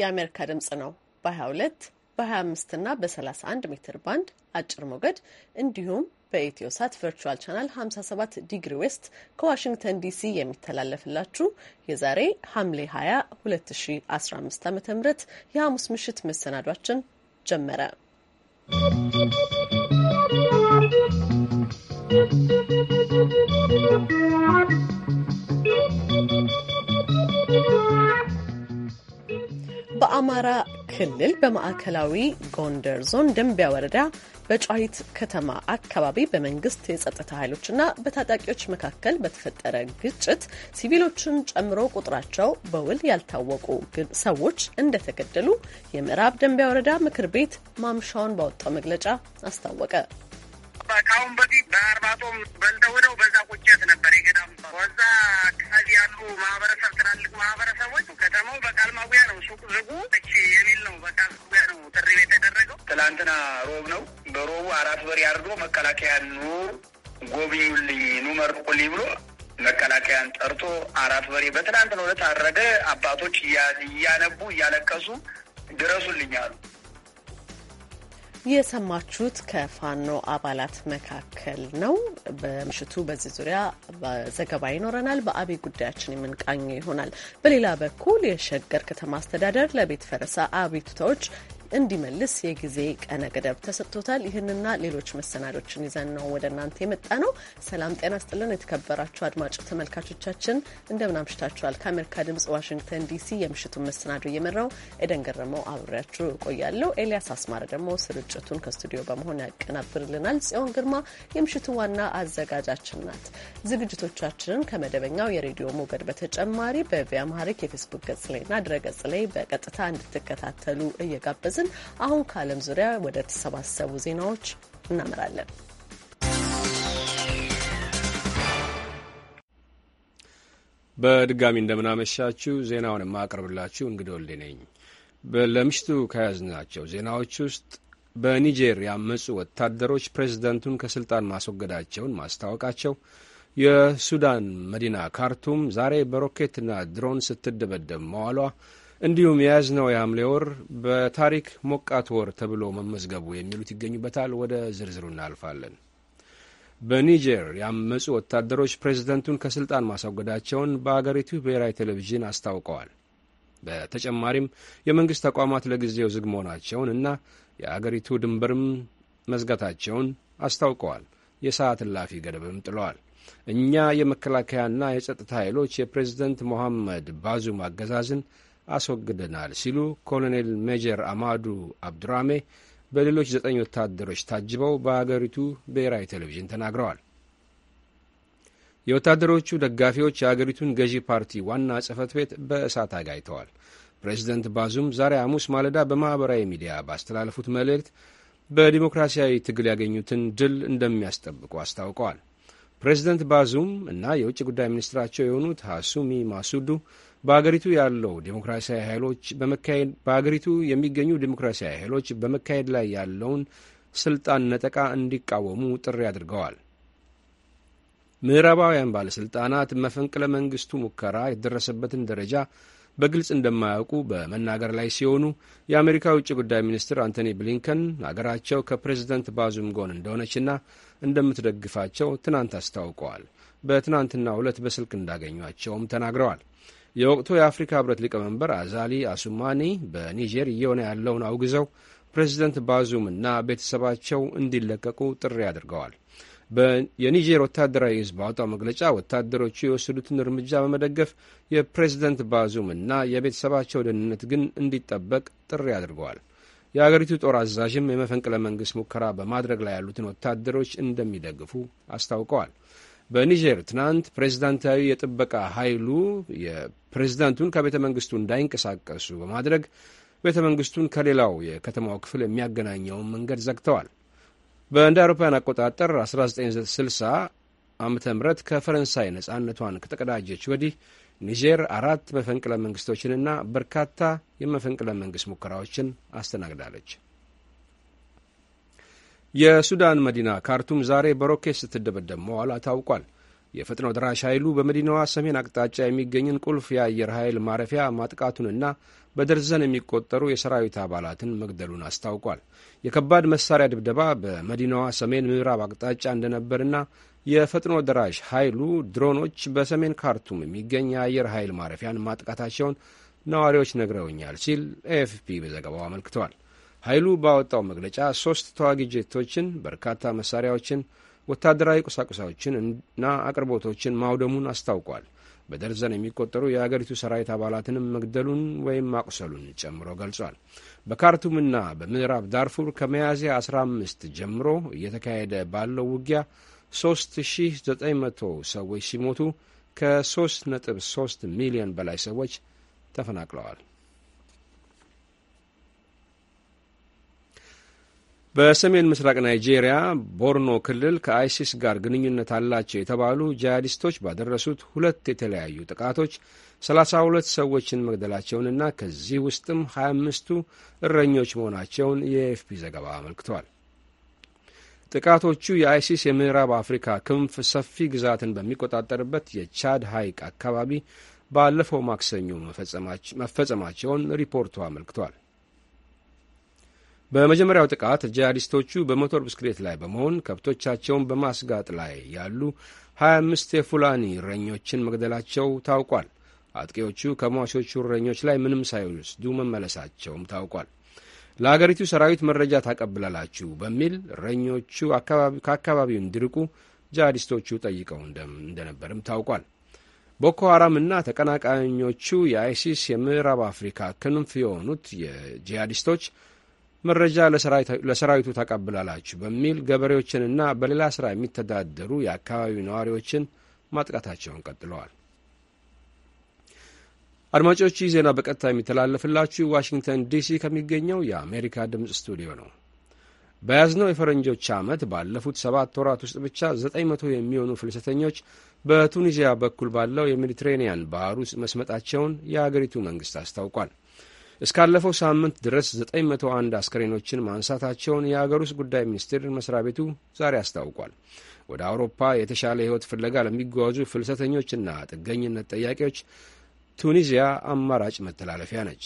የአሜሪካ ድምጽ ነው በ22 በ25 እና በ31 ሜትር ባንድ አጭር ሞገድ እንዲሁም በኢትዮ ሳት ቨርቹዋል ቻናል 57 ዲግሪ ዌስት ከዋሽንግተን ዲሲ የሚተላለፍላችሁ የዛሬ ሐምሌ 20 2015 ዓ ም የሐሙስ ምሽት መሰናዷችን ጀመረ። ¶¶ በአማራ ክልል በማዕከላዊ ጎንደር ዞን ደንቢያ ወረዳ በጨዋሂት ከተማ አካባቢ በመንግስት የጸጥታ ኃይሎችና በታጣቂዎች መካከል በተፈጠረ ግጭት ሲቪሎችን ጨምሮ ቁጥራቸው በውል ያልታወቁ ሰዎች እንደተገደሉ የምዕራብ ደንቢያ ወረዳ ምክር ቤት ማምሻውን ባወጣው መግለጫ አስታወቀ። ከአሁን በፊት በአርባ በልተው ሄደው በዛ ቁጭት ነበር የገዳም በዛ አካባቢ ያሉ ማህበረሰብ ትላልቅ ማህበረሰቦች ከተማው በቃል ማጉያ ነው ሱቅ ዝጉ እቺ የሚል ነው። በቃል ማጉያ ነው ጥሪ የተደረገው። ትላንትና ሮብ ነው። በሮቡ አራት በሬ አርዶ መከላከያ ኑ ጎብኙልኝ ኑ መርቁልኝ ብሎ መከላከያን ጠርቶ አራት በሬ በትናንት ነው አረደ። አባቶች እያነቡ እያለቀሱ ድረሱልኝ አሉ። የሰማችሁት ከፋኖ አባላት መካከል ነው። በምሽቱ በዚህ ዙሪያ ዘገባ ይኖረናል። በአብይ ጉዳያችን የምንቃኘው ይሆናል። በሌላ በኩል የሸገር ከተማ አስተዳደር ለቤት ፈረሳ አቤቱታዎች እንዲመልስ የጊዜ ቀነ ገደብ ተሰጥቶታል። ይህንና ሌሎች መሰናዶችን ይዘን ነው ወደ እናንተ የመጣ ነው። ሰላም ጤና ስጥልን። የተከበራችሁ አድማጭ ተመልካቾቻችን እንደምን አምሽታችኋል? ከአሜሪካ ድምጽ ዋሽንግተን ዲሲ የምሽቱን መሰናዶ እየመራው ኤደን ገረመው አብሬያችሁ እቆያለሁ። ኤልያስ አስማረ ደግሞ ስርጭቱን ከስቱዲዮ በመሆን ያቀናብርልናል። ጽዮን ግርማ የምሽቱ ዋና አዘጋጃችን ናት። ዝግጅቶቻችንን ከመደበኛው የሬዲዮ ሞገድ በተጨማሪ ማሪክ የፌስቡክ ገጽ ላይና ድረ ገጽ ላይ በቀጥታ እንድትከታተሉ እየጋበዝ እየጋበዝን አሁን ከዓለም ዙሪያ ወደ ተሰባሰቡ ዜናዎች እናመራለን። በድጋሚ እንደምናመሻችሁ ዜናውን የማቀርብላችሁ እንግዲህ ወልዴ ነኝ። ለምሽቱ ከያዝናቸው ዜናዎች ውስጥ በኒጀር ያመፁ ወታደሮች ፕሬዚደንቱን ከስልጣን ማስወገዳቸውን ማስታወቃቸው፣ የሱዳን መዲና ካርቱም ዛሬ በሮኬትና ድሮን ስትደበደብ መዋሏ፣ እንዲሁም የያዝነው የሐምሌ ወር በታሪክ ሞቃት ወር ተብሎ መመዝገቡ የሚሉት ይገኙበታል። ወደ ዝርዝሩ እናልፋለን። በኒጀር ያመፁ ወታደሮች ፕሬዝደንቱን ከስልጣን ማስወገዳቸውን በአገሪቱ ብሔራዊ ቴሌቪዥን አስታውቀዋል። በተጨማሪም የመንግሥት ተቋማት ለጊዜው ዝግ መሆናቸውን እና የአገሪቱ ድንበርም መዝጋታቸውን አስታውቀዋል። የሰዓት እላፊ ገደብም ጥለዋል። እኛ የመከላከያና የጸጥታ ኃይሎች የፕሬዝደንት ሞሐመድ ባዙም አገዛዝን አስወግደናል ሲሉ ኮሎኔል ሜጀር አማዱ አብዱራሜ በሌሎች ዘጠኝ ወታደሮች ታጅበው በአገሪቱ ብሔራዊ ቴሌቪዥን ተናግረዋል። የወታደሮቹ ደጋፊዎች የአገሪቱን ገዢ ፓርቲ ዋና ጽህፈት ቤት በእሳት አጋይተዋል። ፕሬዚደንት ባዙም ዛሬ ሐሙስ ማለዳ በማኅበራዊ ሚዲያ ባስተላለፉት መልእክት በዲሞክራሲያዊ ትግል ያገኙትን ድል እንደሚያስጠብቁ አስታውቀዋል። ፕሬዚደንት ባዙም እና የውጭ ጉዳይ ሚኒስትራቸው የሆኑት ሐሱሚ ማሱዱ በአገሪቱ ያለው ዴሞክራሲያዊ ኃይሎች በመካሄድ በአገሪቱ የሚገኙ ዴሞክራሲያዊ ኃይሎች በመካሄድ ላይ ያለውን ስልጣን ነጠቃ እንዲቃወሙ ጥሪ አድርገዋል። ምዕራባውያን ባለሥልጣናት መፈንቅለ መንግስቱ ሙከራ የደረሰበትን ደረጃ በግልጽ እንደማያውቁ በመናገር ላይ ሲሆኑ የአሜሪካ ውጭ ጉዳይ ሚኒስትር አንቶኒ ብሊንከን አገራቸው ከፕሬዝደንት ባዙም ጎን እንደሆነችና እንደምትደግፋቸው ትናንት አስታውቀዋል። በትናንትናው ዕለት በስልክ እንዳገኟቸውም ተናግረዋል። የወቅቱ የአፍሪካ ህብረት ሊቀመንበር አዛሊ አሱማኒ በኒጀር እየሆነ ያለውን አውግዘው ፕሬዚደንት ባዙም እና ቤተሰባቸው እንዲለቀቁ ጥሪ አድርገዋል። የኒጀር ወታደራዊ ህዝብ ባወጣው መግለጫ ወታደሮቹ የወሰዱትን እርምጃ በመደገፍ የፕሬዚደንት ባዙም እና የቤተሰባቸው ደህንነት ግን እንዲጠበቅ ጥሪ አድርገዋል። የአገሪቱ ጦር አዛዥም የመፈንቅለ መንግስት ሙከራ በማድረግ ላይ ያሉትን ወታደሮች እንደሚደግፉ አስታውቀዋል። በኒጀር ትናንት ፕሬዚዳንታዊ የጥበቃ ኃይሉ የፕሬዚዳንቱን ከቤተ መንግስቱ እንዳይንቀሳቀሱ በማድረግ ቤተ መንግስቱን ከሌላው የከተማው ክፍል የሚያገናኘውን መንገድ ዘግተዋል። በእንደ አውሮፓውያን አቆጣጠር 1960 ዓ ምህረት ከፈረንሳይ ነጻነቷን ከተቀዳጀች ወዲህ ኒጀር አራት መፈንቅለ መንግስቶችንና በርካታ የመፈንቅለ መንግስት ሙከራዎችን አስተናግዳለች። የሱዳን መዲና ካርቱም ዛሬ በሮኬት ስትደበደብ መዋሏ ታውቋል። የፈጥኖ ድራሽ ኃይሉ በመዲናዋ ሰሜን አቅጣጫ የሚገኝን ቁልፍ የአየር ኃይል ማረፊያ ማጥቃቱንና በደርዘን የሚቆጠሩ የሰራዊት አባላትን መግደሉን አስታውቋል። የከባድ መሳሪያ ድብደባ በመዲናዋ ሰሜን ምዕራብ አቅጣጫ እንደነበርና የፈጥኖ ደራሽ ኃይሉ ድሮኖች በሰሜን ካርቱም የሚገኝ የአየር ኃይል ማረፊያን ማጥቃታቸውን ነዋሪዎች ነግረውኛል ሲል ኤኤፍፒ በዘገባው አመልክተዋል። ኃይሉ ባወጣው መግለጫ ሶስት ተዋጊ ጄቶችን፣ በርካታ መሳሪያዎችን፣ ወታደራዊ ቁሳቁሶችን እና አቅርቦቶችን ማውደሙን አስታውቋል። በደርዘን የሚቆጠሩ የአገሪቱ ሰራዊት አባላትንም መግደሉን ወይም ማቁሰሉን ጨምሮ ገልጿል። በካርቱምና በምዕራብ ዳርፉር ከሚያዝያ 15 ጀምሮ እየተካሄደ ባለው ውጊያ 3900 ሰዎች ሲሞቱ ከ3.3 ሚሊዮን በላይ ሰዎች ተፈናቅለዋል። በሰሜን ምስራቅ ናይጄሪያ ቦርኖ ክልል ከአይሲስ ጋር ግንኙነት አላቸው የተባሉ ጂሃዲስቶች ባደረሱት ሁለት የተለያዩ ጥቃቶች 32 ሰዎችን መግደላቸውንና ከዚህ ውስጥም 25ቱ እረኞች መሆናቸውን የኤፍፒ ዘገባ አመልክቷል። ጥቃቶቹ የአይሲስ የምዕራብ አፍሪካ ክንፍ ሰፊ ግዛትን በሚቆጣጠርበት የቻድ ሐይቅ አካባቢ ባለፈው ማክሰኞ መፈጸማቸውን ሪፖርቱ አመልክቷል። በመጀመሪያው ጥቃት ጂሃዲስቶቹ በሞተር ብስክሌት ላይ በመሆን ከብቶቻቸውን በማስጋጥ ላይ ያሉ 25 የፉላኒ እረኞችን መግደላቸው ታውቋል። አጥቂዎቹ ከሟቾቹ እረኞች ላይ ምንም ሳይወስዱ መመለሳቸውም ታውቋል። ለአገሪቱ ሰራዊት መረጃ ታቀብላላችሁ በሚል እረኞቹ ከአካባቢው እንዲርቁ ጂሃዲስቶቹ ጠይቀው እንደነበርም ታውቋል። ቦኮ ሐራምና ተቀናቃኞቹ የአይሲስ የምዕራብ አፍሪካ ክንፍ የሆኑት የጂሃዲስቶች መረጃ ለሰራዊቱ ታቀብላላችሁ በሚል ገበሬዎችንና በሌላ ስራ የሚተዳደሩ የአካባቢው ነዋሪዎችን ማጥቃታቸውን ቀጥለዋል። ይህ ዜና በቀጥታ የሚተላለፍላችሁ ዋሽንግተን ዲሲ ከሚገኘው የአሜሪካ ድምፅ ስቱዲዮ ነው። በያዝነው የፈረንጆች ዓመት ባለፉት ሰባት ወራት ውስጥ ብቻ ዘጠኝ መቶ የሚሆኑ ፍልሰተኞች በቱኒዚያ በኩል ባለው የሜዲትሬንያን ባህር ውስጥ መስመጣቸውን የአገሪቱ መንግሥት አስታውቋል። እስካለፈው ሳምንት ድረስ 901 አስከሬኖችን ማንሳታቸውን የአገር ውስጥ ጉዳይ ሚኒስቴር መስሪያ ቤቱ ዛሬ አስታውቋል። ወደ አውሮፓ የተሻለ ሕይወት ፍለጋ ለሚጓዙ ፍልሰተኞችና ጥገኝነት ጠያቂዎች ቱኒዚያ አማራጭ መተላለፊያ ነች።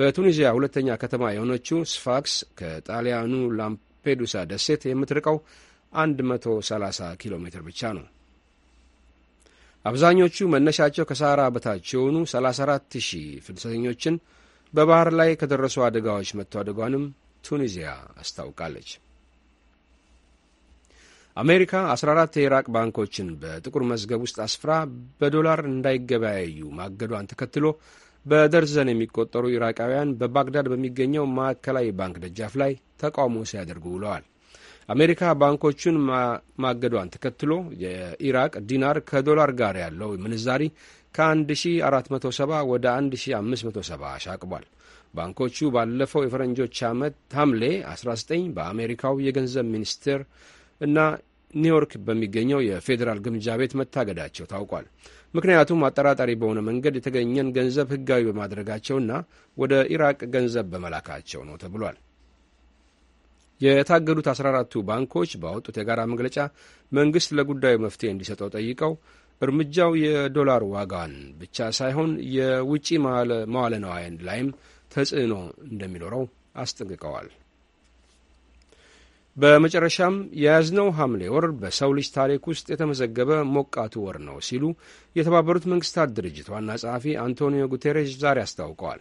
በቱኒዚያ ሁለተኛ ከተማ የሆነችው ስፋክስ ከጣሊያኑ ላምፔዱሳ ደሴት የምትርቀው 130 ኪሎ ሜትር ብቻ ነው። አብዛኞቹ መነሻቸው ከሳራ በታች የሆኑ 34 ሺህ ፍልሰተኞችን በባህር ላይ ከደረሱ አደጋዎች መታደጓንም ቱኒዚያ አስታውቃለች። አሜሪካ 14 የኢራቅ ባንኮችን በጥቁር መዝገብ ውስጥ አስፍራ በዶላር እንዳይገበያዩ ማገዷን ተከትሎ በደርዘን የሚቆጠሩ ኢራቃውያን በባግዳድ በሚገኘው ማዕከላዊ ባንክ ደጃፍ ላይ ተቃውሞ ሲያደርጉ ውለዋል። አሜሪካ ባንኮቹን ማገዷን ተከትሎ የኢራቅ ዲናር ከዶላር ጋር ያለው ምንዛሪ ከ1470 ወደ 1570 አሻቅቧል። ባንኮቹ ባለፈው የፈረንጆች ዓመት ሐምሌ 19 በአሜሪካው የገንዘብ ሚኒስቴር እና ኒውዮርክ በሚገኘው የፌዴራል ግምጃ ቤት መታገዳቸው ታውቋል። ምክንያቱም አጠራጣሪ በሆነ መንገድ የተገኘን ገንዘብ ህጋዊ በማድረጋቸውና ወደ ኢራቅ ገንዘብ በመላካቸው ነው ተብሏል። የታገዱት 14ቱ ባንኮች ባወጡት የጋራ መግለጫ መንግሥት ለጉዳዩ መፍትሄ እንዲሰጠው ጠይቀው እርምጃው የዶላር ዋጋን ብቻ ሳይሆን የውጪ መዋለ ላይም ተጽዕኖ እንደሚኖረው አስጠንቅቀዋል። በመጨረሻም የያዝነው ሐምሌ ወር በሰው ልጅ ታሪክ ውስጥ የተመዘገበ ሞቃቱ ወር ነው ሲሉ የተባበሩት መንግስታት ድርጅት ዋና ጸሐፊ አንቶኒዮ ጉቴሬሽ ዛሬ አስታውቀዋል።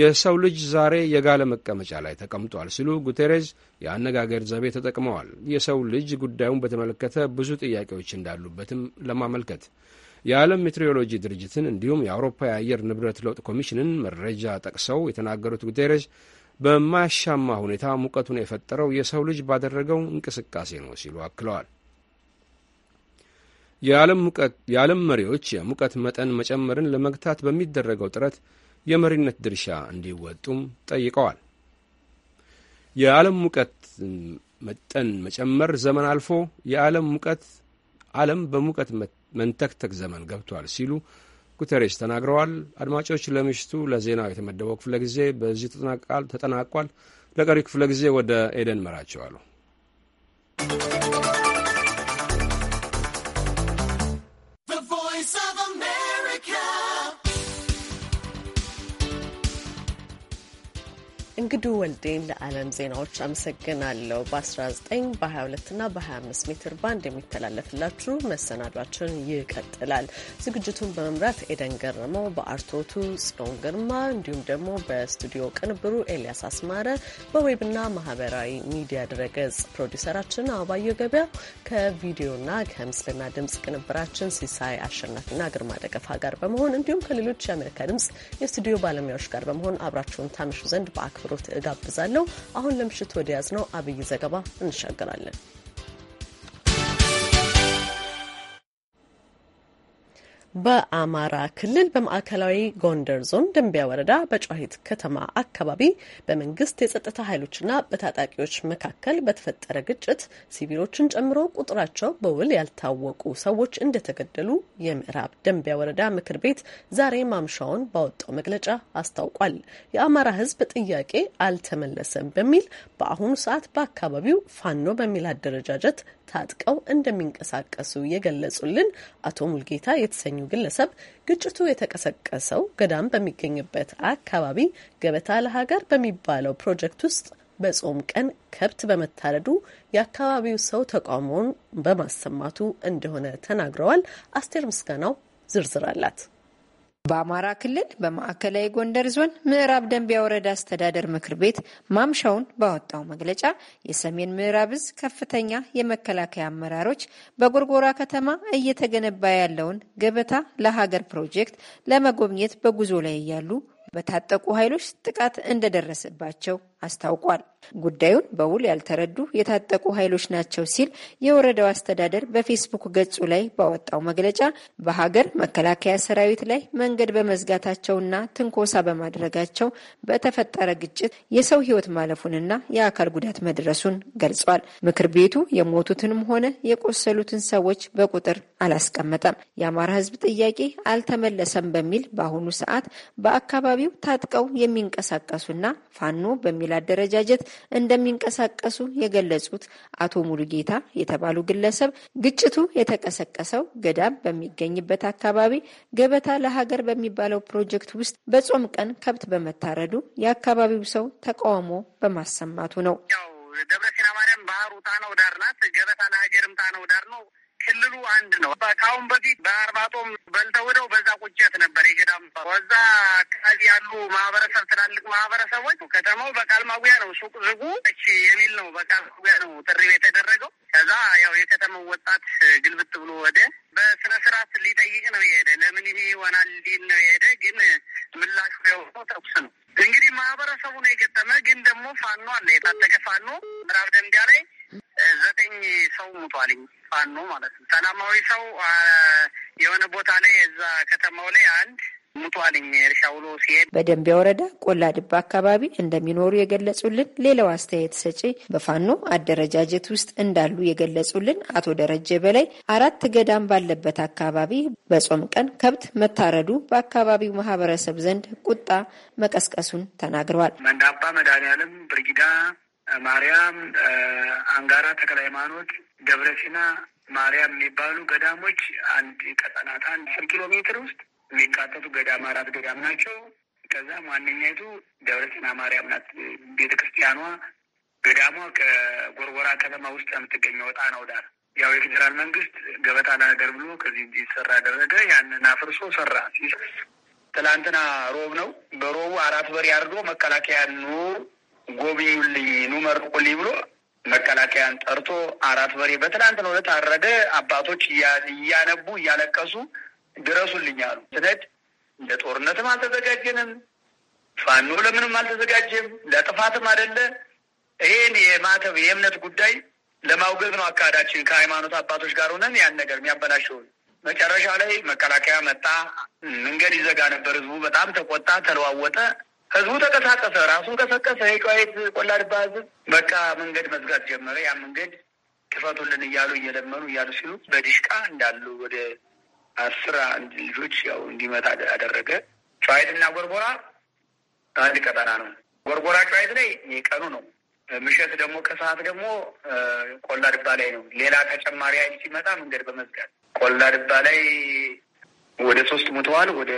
የሰው ልጅ ዛሬ የጋለ መቀመጫ ላይ ተቀምጧል ሲሉ ጉቴሬዝ የአነጋገር ዘቤ ተጠቅመዋል። የሰው ልጅ ጉዳዩን በተመለከተ ብዙ ጥያቄዎች እንዳሉበትም ለማመልከት የዓለም ሜትሮሎጂ ድርጅትን እንዲሁም የአውሮፓ የአየር ንብረት ለውጥ ኮሚሽንን መረጃ ጠቅሰው የተናገሩት ጉቴሬዝ በማያሻማ ሁኔታ ሙቀቱን የፈጠረው የሰው ልጅ ባደረገው እንቅስቃሴ ነው ሲሉ አክለዋል። የዓለም መሪዎች የሙቀት መጠን መጨመርን ለመግታት በሚደረገው ጥረት የመሪነት ድርሻ እንዲወጡም ጠይቀዋል። የዓለም ሙቀት መጠን መጨመር ዘመን አልፎ የዓለም ሙቀት ዓለም በሙቀት መንተክተክ ዘመን ገብቷል ሲሉ ጉተሬስ ተናግረዋል። አድማጮች፣ ለምሽቱ ለዜናው የተመደበው ክፍለ ጊዜ በዚህ ተጠናቋል። ለቀሪው ክፍለ ጊዜ ወደ ኤደን መራቸዋሉ። እንግዱ ወልዴን ለዓለም ዜናዎች አመሰግናለሁ። በ19 በ22ና በ25 ሜትር ባንድ የሚተላለፍላችሁ መሰናዷችን ይቀጥላል። ዝግጅቱን በመምራት ኤደን ገረመው፣ በአርቶቱ ጽዮን ግርማ እንዲሁም ደግሞ በስቱዲዮ ቅንብሩ ኤልያስ አስማረ፣ በዌብና ማህበራዊ ሚዲያ ድረገጽ ፕሮዲውሰራችን አበባየሁ ገበያ፣ ከቪዲዮና ከምስልና ድምጽ ቅንብራችን ሲሳይ አሸናፊና ግርማ ደገፋ ጋር በመሆን እንዲሁም ከሌሎች የአሜሪካ ድምጽ የስቱዲዮ ባለሙያዎች ጋር በመሆን አብራችሁን ታመሹ ዘንድ በአክብሮ እንድታደምጡት እጋብዛለሁ። አሁን ለምሽቱ ወደ ያዝነው አብይ ዘገባ እንሻገራለን። በአማራ ክልል በማዕከላዊ ጎንደር ዞን ደንቢያ ወረዳ በጨዋሂት ከተማ አካባቢ በመንግስት የጸጥታ ኃይሎችና በታጣቂዎች መካከል በተፈጠረ ግጭት ሲቪሎችን ጨምሮ ቁጥራቸው በውል ያልታወቁ ሰዎች እንደተገደሉ የምዕራብ ደንቢያ ወረዳ ምክር ቤት ዛሬ ማምሻውን ባወጣው መግለጫ አስታውቋል። የአማራ ሕዝብ ጥያቄ አልተመለሰም በሚል በአሁኑ ሰዓት በአካባቢው ፋኖ በሚል አደረጃጀት ታጥቀው እንደሚንቀሳቀሱ የገለጹልን አቶ ሙልጌታ የተሰኙ ግለሰብ ግጭቱ የተቀሰቀሰው ገዳም በሚገኝበት አካባቢ ገበታ ለሀገር በሚባለው ፕሮጀክት ውስጥ በጾም ቀን ከብት በመታረዱ የአካባቢው ሰው ተቃውሞውን በማሰማቱ እንደሆነ ተናግረዋል። አስቴር ምስጋናው ዝርዝር አላት። በአማራ ክልል በማዕከላዊ ጎንደር ዞን ምዕራብ ደንቢያ ወረዳ አስተዳደር ምክር ቤት ማምሻውን ባወጣው መግለጫ የሰሜን ምዕራብ እዝ ከፍተኛ የመከላከያ አመራሮች በጎርጎራ ከተማ እየተገነባ ያለውን ገበታ ለሀገር ፕሮጀክት ለመጎብኘት በጉዞ ላይ እያሉ በታጠቁ ኃይሎች ጥቃት እንደደረሰባቸው አስታውቋል። ጉዳዩን በውል ያልተረዱ የታጠቁ ኃይሎች ናቸው ሲል የወረዳው አስተዳደር በፌስቡክ ገጹ ላይ ባወጣው መግለጫ በሀገር መከላከያ ሰራዊት ላይ መንገድ በመዝጋታቸውና ትንኮሳ በማድረጋቸው በተፈጠረ ግጭት የሰው ሕይወት ማለፉንና የአካል ጉዳት መድረሱን ገልጿል። ምክር ቤቱ የሞቱትንም ሆነ የቆሰሉትን ሰዎች በቁጥር አላስቀመጠም። የአማራ ሕዝብ ጥያቄ አልተመለሰም በሚል በአሁኑ ሰዓት በአካባቢው ታጥቀው የሚንቀሳቀሱና ፋኖ በሚል አደረጃጀት እንደሚንቀሳቀሱ የገለጹት አቶ ሙሉጌታ የተባሉ ግለሰብ ግጭቱ የተቀሰቀሰው ገዳም በሚገኝበት አካባቢ ገበታ ለሀገር በሚባለው ፕሮጀክት ውስጥ በጾም ቀን ከብት በመታረዱ የአካባቢው ሰው ተቃውሞ በማሰማቱ ነው። ደብረ ሲና ማርያም ባህሩ ጣናው ዳር ናት። ገበታ ለሀገርም ጣናው ዳር ነው። ክልሉ አንድ ነው። ከአሁን በፊት በአርባቶም በልተውደው በዛ ቁጭት ነበር የገዳም በዛ አካባቢ ያሉ ማህበረሰብ ትላልቅ ማህበረሰቦች ከተማው በቃል ማጉያ ነው ሱቅ ዝጉ እች የሚል ነው። በቃል ማጉያ ነው ጥሪ የተደረገው። ከዛ ያው የከተማው ወጣት ግልብጥ ብሎ ወደ በስነ ስርዓት ሊጠይቅ ነው የሄደ። ለምን ይሄ ይሆናል ሊል ነው የሄደ። ግን ምላሹ የሆነው ተኩስ ነው። እንግዲህ ማህበረሰቡ ነው የገጠመ። ግን ደግሞ ፋኖ አለ የታጠቀ ፋኖ ምዕራብ ደንቢያ ሰው ሞቷልኝ ፋኖ ማለት ነው። ሰላማዊ ሰው የሆነ ቦታ ላይ የዛ ከተማው ላይ አንድ ሙቷልኝ እርሻ ውሎ ሲሄድ በደንቢያ ወረዳ ቆላ ድባ አካባቢ እንደሚኖሩ የገለጹልን ሌላው አስተያየት ሰጪ በፋኖ አደረጃጀት ውስጥ እንዳሉ የገለጹልን አቶ ደረጀ በላይ አራት ገዳም ባለበት አካባቢ በጾም ቀን ከብት መታረዱ በአካባቢው ማህበረሰብ ዘንድ ቁጣ መቀስቀሱን ተናግረዋል። መንዳባ መድኃኒዓለም ብርጊዳ ማርያም፣ አንጋራ፣ ተክለ ሃይማኖት፣ ደብረ ሲና፣ ማርያም የሚባሉ ገዳሞች አንድ ቀጠናት አንድ አስር ኪሎ ሜትር ውስጥ የሚካተቱ ገዳም አራት ገዳም ናቸው። ከዛም ዋነኛይቱ ደብረ ሲና ማርያም ናት። ቤተ ክርስቲያኗ ገዳሟ ከጎርጎራ ከተማ ውስጥ የምትገኘው ወጣ ነው ዳር ያው የፌዴራል መንግስት ገበታ ለሀገር ብሎ ከዚህ እንዲሰራ አደረገ። ያንን አፍርሶ ሰራ። ትላንትና ሮብ ነው። በሮቡ አራት በር ያድርጎ መከላከያ ኑ ጎብኙልኝ፣ ኑ ብሎ መከላከያን ጠርቶ አራት በሬ በትናንት ነው ለታረደ አባቶች እያነቡ እያለቀሱ ድረሱልኝ አሉ። ስነት ለጦርነትም አልተዘጋጀንም፣ ፋኖ ለምንም አልተዘጋጀም፣ ለጥፋትም አደለ። ይህን የማተብ የእምነት ጉዳይ ለማውገዝ ነው አካሄዳችን። ከሃይማኖት አባቶች ጋር ሆነን ያን ነገር የሚያበላሸውን መጨረሻ ላይ መከላከያ መጣ። መንገድ ይዘጋ ነበር። ህዝቡ በጣም ተቆጣ፣ ተለዋወጠ። ህዝቡ ተቀሳቀሰ፣ ራሱን ቀሰቀሰ። የጨዋሂት ቆላድባ ህዝብ በቃ መንገድ መዝጋት ጀመረ። ያ መንገድ ክፈቱልን እያሉ እየለመኑ እያሉ ሲሉ በዲሽቃ እንዳሉ ወደ አስራ አንድ ልጆች ያው እንዲመታ አደረገ። ጨዋይት እና ጎርጎራ አንድ ቀጠና ነው። ጎርጎራ ጨዋይት ላይ የቀኑ ነው። ምሽት ደግሞ ከሰዓት ደግሞ ቆላ ድባ ላይ ነው። ሌላ ተጨማሪ ኃይል ሲመጣ መንገድ በመዝጋት ቆላ ድባ ላይ ወደ ሶስት ሙተዋል ወደ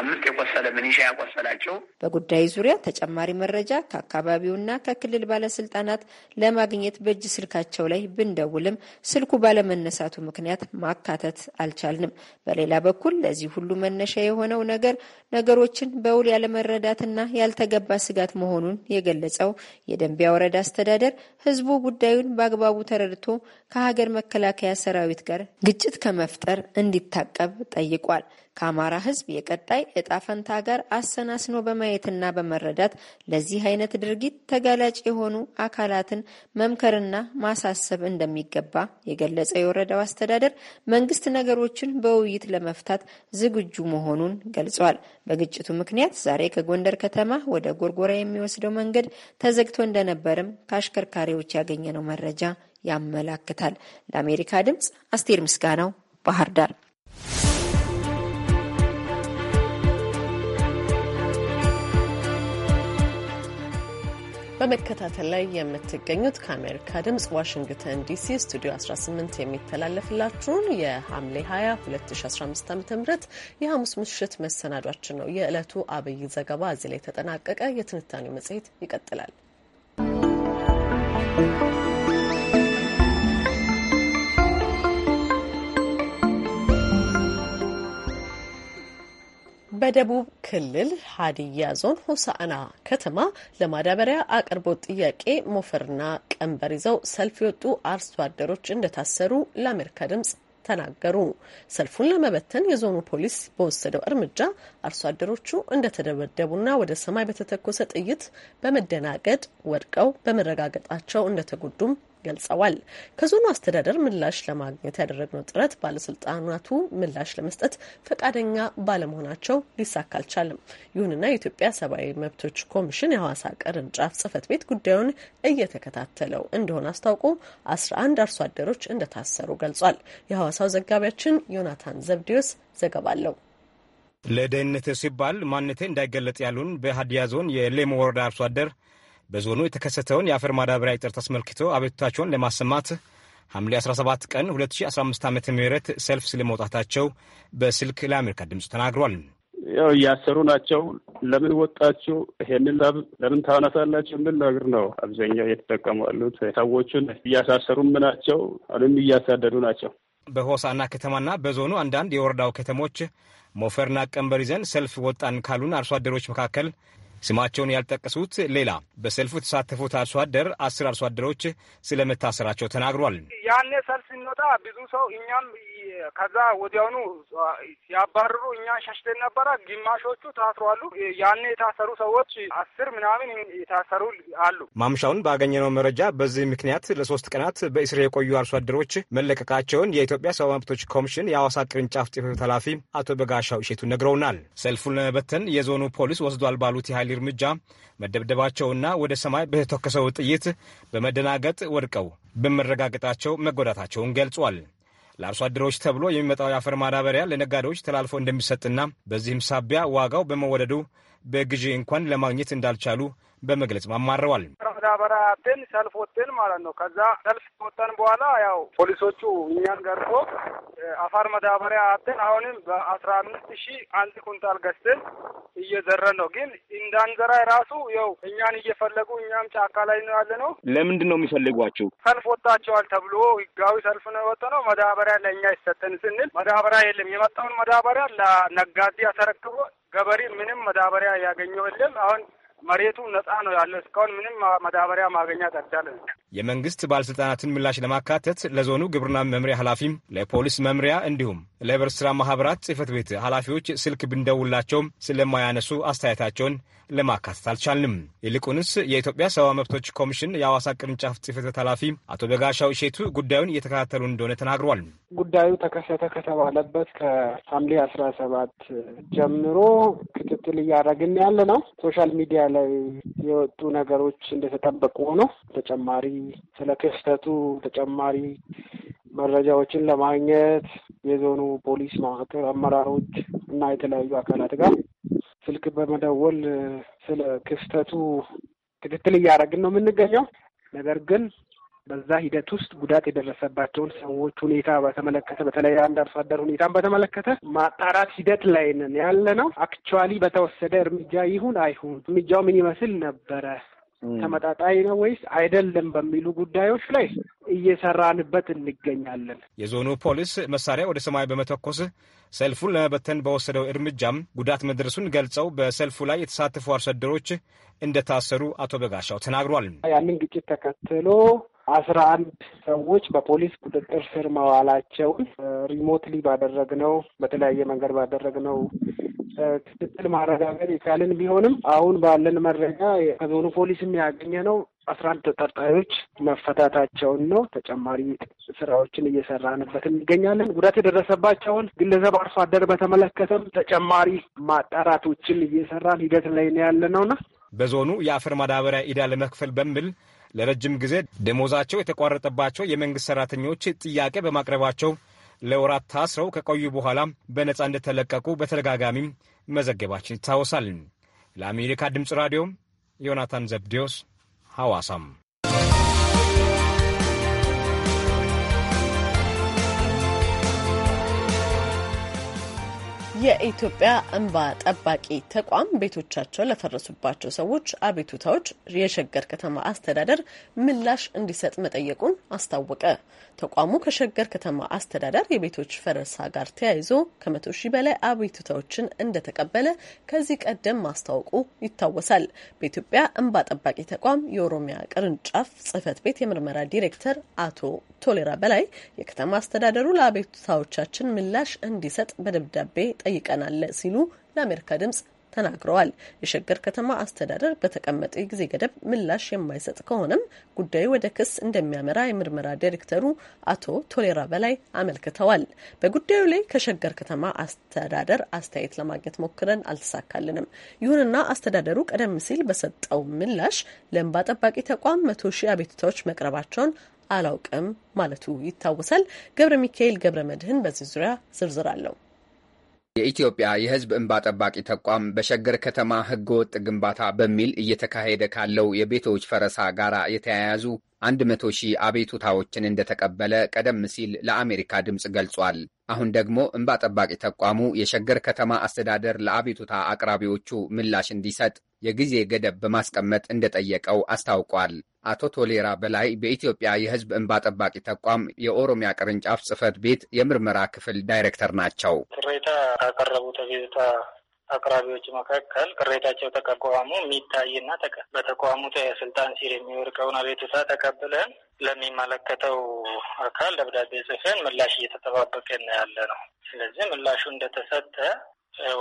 አምስት የቆሰለ ምኒሻ ያቆሰላቸው። በጉዳዩ ዙሪያ ተጨማሪ መረጃ ከአካባቢውና ከክልል ባለስልጣናት ለማግኘት በእጅ ስልካቸው ላይ ብንደውልም ስልኩ ባለመነሳቱ ምክንያት ማካተት አልቻልንም። በሌላ በኩል ለዚህ ሁሉ መነሻ የሆነው ነገር ነገሮችን በውል ያለመረዳትና ያልተገባ ስጋት መሆኑን የገለጸው የደንቢያ ወረዳ አስተዳደር ህዝቡ ጉዳዩን በአግባቡ ተረድቶ ከሀገር መከላከያ ሰራዊት ጋር ግጭት ከመፍጠር እንዲታቀብ ጠይቋል። ከአማራ ህዝብ የቀጣይ እጣ ፈንታ ጋር አሰናስኖ በማየትና በመረዳት ለዚህ አይነት ድርጊት ተጋላጭ የሆኑ አካላትን መምከርና ማሳሰብ እንደሚገባ የገለጸ የወረዳው አስተዳደር መንግስት ነገሮችን በውይይት ለመፍታት ዝግጁ መሆኑን ገልጿል። በግጭቱ ምክንያት ዛሬ ከጎንደር ከተማ ወደ ጎርጎራ የሚወስደው መንገድ ተዘግቶ እንደነበርም ከአሽከርካሪዎች ያገኘነው መረጃ ያመላክታል። ለአሜሪካ ድምጽ አስቴር ምስጋናው ባህር ዳር በመከታተል ላይ የምትገኙት ከአሜሪካ ድምጽ ዋሽንግተን ዲሲ ስቱዲዮ 18 የሚተላለፍላችሁን የሐምሌ 20 2015 ዓ ም የሐሙስ ምሽት መሰናዷችን ነው። የዕለቱ አብይ ዘገባ እዚህ ላይ ተጠናቀቀ። የትንታኔው መጽሔት ይቀጥላል። በደቡብ ክልል ሀዲያ ዞን ሆሳዕና ከተማ ለማዳበሪያ አቅርቦት ጥያቄ ሞፈርና ቀንበር ይዘው ሰልፍ የወጡ አርሶ አደሮች እንደታሰሩ ለአሜሪካ ድምጽ ተናገሩ። ሰልፉን ለመበተን የዞኑ ፖሊስ በወሰደው እርምጃ አርሶ አደሮቹ እንደተደበደቡና ወደ ሰማይ በተተኮሰ ጥይት በመደናገድ ወድቀው በመረጋገጣቸው እንደተጎዱም ገልጸዋል። ከዞኑ አስተዳደር ምላሽ ለማግኘት ያደረግነው ጥረት ባለስልጣናቱ ምላሽ ለመስጠት ፈቃደኛ ባለመሆናቸው ሊሳካ አልቻለም። ይሁንና የኢትዮጵያ ሰብአዊ መብቶች ኮሚሽን የሐዋሳ ቅርንጫፍ ጽህፈት ቤት ጉዳዩን እየተከታተለው እንደሆነ አስታውቆ አስራ አንድ አርሶ አደሮች እንደታሰሩ ገልጿል። የሐዋሳው ዘጋቢያችን ዮናታን ዘብዲዮስ ዘገባ አለው። ለደህንነት ሲባል ማንነቴ እንዳይገለጽ ያሉን በሀዲያ ዞን የሌሞ ወረዳ አርሶ አደር በዞኑ የተከሰተውን የአፈር ማዳበሪያ እጥረት አስመልክቶ አቤቱታቸውን ለማሰማት ሐምሌ 17 ቀን 2015 ዓ ም ሰልፍ ስለመውጣታቸው በስልክ ለአሜሪካ ድምፅ ተናግሯል። ያው እያሰሩ ናቸው። ለምን ወጣችሁ? ይሄንን ለምን ታነሳላችሁ? የሚል ነገር ነው አብዛኛው እየተጠቀሙ ያሉት። ሰዎቹን እያሳሰሩም ናቸው፣ አሁንም እያሳደዱ ናቸው። በሆሳና ከተማና በዞኑ አንዳንድ የወረዳው ከተሞች ሞፈርና ቀንበር ይዘን ሰልፍ ወጣን ካሉን አርሶ አደሮች መካከል ስማቸውን ያልጠቀሱት ሌላ በሰልፉ የተሳተፉት አርሶ አደር አስር አርሶ አደሮች ስለመታሰራቸው ተናግሯል። ያኔ ሰልፍ ስንወጣ ብዙ ሰው እኛም ከዛ ወዲያውኑ ሲያባርሩ እኛን ሸሽተን ነበረ። ግማሾቹ ታስሯሉ። ያኔ የታሰሩ ሰዎች አስር ምናምን የታሰሩ አሉ። ማምሻውን ባገኘነው መረጃ በዚህ ምክንያት ለሶስት ቀናት በእስር የቆዩ አርሶ አደሮች መለቀቃቸውን የኢትዮጵያ ሰብዓዊ መብቶች ኮሚሽን የአዋሳ ቅርንጫፍ ጽሕፈት ኃላፊ አቶ በጋሻው እሸቱ ነግረውናል። ሰልፉን ለመበተን የዞኑ ፖሊስ ወስዷል ባሉት የኃይል እርምጃ መደብደባቸውና ወደ ሰማይ በተተኮሰው ጥይት በመደናገጥ ወድቀው በመረጋገጣቸው መጎዳታቸውን ገልጿል። ለአርሶ አደሮች ተብሎ የሚመጣው የአፈር ማዳበሪያ ለነጋዴዎች ተላልፎ እንደሚሰጥና በዚህም ሳቢያ ዋጋው በመወደዱ በግዢ እንኳን ለማግኘት እንዳልቻሉ በመግለጽ አማረዋል። ማዳበሪያ ያትን ሰልፍ ወጥን ማለት ነው። ከዛ ሰልፍ ወጠን በኋላ ያው ፖሊሶቹ እኛን ገርፎ አፋር ማዳበሪያ አትን አሁንም በአስራ አምስት ሺህ አንድ ኩንታል ገዝተን እየዘረን ነው። ግን እንዳንዘራ ራሱ ያው እኛን እየፈለጉ እኛም ጫካ ላይ ነው ያለ ነው። ለምንድን ነው የሚፈልጓቸው? ሰልፍ ወጣቸዋል ተብሎ ህጋዊ ሰልፍ ነው የወጠ ነው። መዳበሪያ ለእኛ ይሰጠን ስንል መዳበሪያ የለም። የመጣውን መዳበሪያ ለነጋዴ አሰረክቦ ገበሬ ምንም መዳበሪያ ያገኘው የለም አሁን መሬቱ ነፃ ነው ያለ። እስካሁን ምንም ማዳበሪያ ማገኛ አልቻለም። የመንግስት ባለስልጣናትን ምላሽ ለማካተት ለዞኑ ግብርና መምሪያ ኃላፊም ለፖሊስ መምሪያ እንዲሁም ለህብረት ሥራ ማኅበራት ጽህፈት ቤት ኃላፊዎች ስልክ ብንደውላቸውም ስለማያነሱ አስተያየታቸውን ለማካተት አልቻልንም። ይልቁንስ የኢትዮጵያ ሰብአዊ መብቶች ኮሚሽን የአዋሳ ቅርንጫፍ ጽህፈት ቤት ኃላፊ አቶ በጋሻው እሼቱ ጉዳዩን እየተከታተሉ እንደሆነ ተናግሯል። ጉዳዩ ተከሰተ ከተባለበት ከሐምሌ አስራ ሰባት ጀምሮ ክትትል እያደረግን ያለ ነው። ሶሻል ሚዲያ ላይ የወጡ ነገሮች እንደተጠበቁ ሆኖ ተጨማሪ ስለ ክስተቱ ተጨማሪ መረጃዎችን ለማግኘት የዞኑ ፖሊስ መዋቅር አመራሮች እና የተለያዩ አካላት ጋር ስልክ በመደወል ስለ ክስተቱ ክትትል እያደረግን ነው የምንገኘው። ነገር ግን በዛ ሂደት ውስጥ ጉዳት የደረሰባቸውን ሰዎች ሁኔታ በተመለከተ በተለይ አንድ አርሶ አደር ሁኔታን በተመለከተ ማጣራት ሂደት ላይ ነን ያለ ነው። አክቹዋሊ በተወሰደ እርምጃ ይሁን አይሁን እርምጃው ምን ይመስል ነበረ ተመጣጣኝ ነው ወይስ አይደለም በሚሉ ጉዳዮች ላይ እየሰራንበት እንገኛለን። የዞኑ ፖሊስ መሳሪያ ወደ ሰማይ በመተኮስ ሰልፉን ለመበተን በወሰደው እርምጃም ጉዳት መድረሱን ገልጸው በሰልፉ ላይ የተሳተፉ አርሶ አደሮች እንደታሰሩ አቶ በጋሻው ተናግሯል። ያንን ግጭት ተከትሎ አስራ አንድ ሰዎች በፖሊስ ቁጥጥር ስር መዋላቸውን ሪሞትሊ ባደረግነው በተለያየ መንገድ ባደረግነው ክትትል ማረጋገጥ የቻልን ቢሆንም አሁን ባለን መረጃ ከዞኑ ፖሊስም ያገኘ ነው አስራ አንድ ተጠርጣሪዎች መፈታታቸውን ነው። ተጨማሪ ስራዎችን እየሰራንበት እንገኛለን። ጉዳት የደረሰባቸውን ግለሰብ አርሶ አደር በተመለከተም ተጨማሪ ማጣራቶችን እየሰራን ሂደት ላይ ነው ያለ ነውና በዞኑ የአፈር ማዳበሪያ ዕዳ ለመክፈል በሚል ለረጅም ጊዜ ደሞዛቸው የተቋረጠባቸው የመንግስት ሰራተኞች ጥያቄ በማቅረባቸው ለወራት ታስረው ከቆዩ በኋላ በነጻ እንደተለቀቁ በተደጋጋሚ መዘገባችን ይታወሳል። ለአሜሪካ ድምፅ ራዲዮ ዮናታን ዘብዴዎስ ሐዋሳም የኢትዮጵያ እንባ ጠባቂ ተቋም ቤቶቻቸው ለፈረሱባቸው ሰዎች አቤቱታዎች የሸገር ከተማ አስተዳደር ምላሽ እንዲሰጥ መጠየቁን አስታወቀ። ተቋሙ ከሸገር ከተማ አስተዳደር የቤቶች ፈረሳ ጋር ተያይዞ ከመቶ ሺህ በላይ አቤቱታዎችን እንደተቀበለ ከዚህ ቀደም ማስታወቁ ይታወሳል። በኢትዮጵያ እንባ ጠባቂ ተቋም የኦሮሚያ ቅርንጫፍ ጽህፈት ቤት የምርመራ ዲሬክተር አቶ ቶሌራ በላይ የከተማ አስተዳደሩ ለአቤቱታዎቻችን ምላሽ እንዲሰጥ በደብዳቤ ጠይቀናል ሲሉ ለአሜሪካ ድምጽ ተናግረዋል። የሸገር ከተማ አስተዳደር በተቀመጠ ጊዜ ገደብ ምላሽ የማይሰጥ ከሆነም ጉዳዩ ወደ ክስ እንደሚያመራ የምርመራ ዳይሬክተሩ አቶ ቶሌራ በላይ አመልክተዋል። በጉዳዩ ላይ ከሸገር ከተማ አስተዳደር አስተያየት ለማግኘት ሞክረን አልተሳካልንም። ይሁንና አስተዳደሩ ቀደም ሲል በሰጠው ምላሽ ለእንባ ጠባቂ ተቋም መቶ ሺህ አቤቱታዎች መቅረባቸውን አላውቅም ማለቱ ይታወሳል። ገብረ ሚካኤል ገብረ መድህን በዚህ ዙሪያ ዝርዝር አለው። የኢትዮጵያ የሕዝብ እንባ ጠባቂ ተቋም በሸገር ከተማ ህገወጥ ግንባታ በሚል እየተካሄደ ካለው የቤቶች ፈረሳ ጋር የተያያዙ 100 ሺህ አቤቱታዎችን እንደተቀበለ ቀደም ሲል ለአሜሪካ ድምፅ ገልጿል። አሁን ደግሞ እንባ ጠባቂ ተቋሙ የሸገር ከተማ አስተዳደር ለአቤቱታ አቅራቢዎቹ ምላሽ እንዲሰጥ የጊዜ ገደብ በማስቀመጥ እንደጠየቀው አስታውቋል። አቶ ቶሌራ በላይ በኢትዮጵያ የሕዝብ እንባ ጠባቂ ተቋም የኦሮሚያ ቅርንጫፍ ጽህፈት ቤት የምርመራ ክፍል ዳይሬክተር ናቸው። ቅሬታ ካቀረቡት አቤቱታ አቅራቢዎች መካከል ቅሬታቸው ተቋሙ የሚታይና በተቋሙ ስልጣን ሲል የሚወድቀውን አቤቱታ ተቀብለን ለሚመለከተው አካል ደብዳቤ ጽፈን ምላሽ እየተጠባበቅን ያለ ነው። ስለዚህ ምላሹ እንደተሰጠ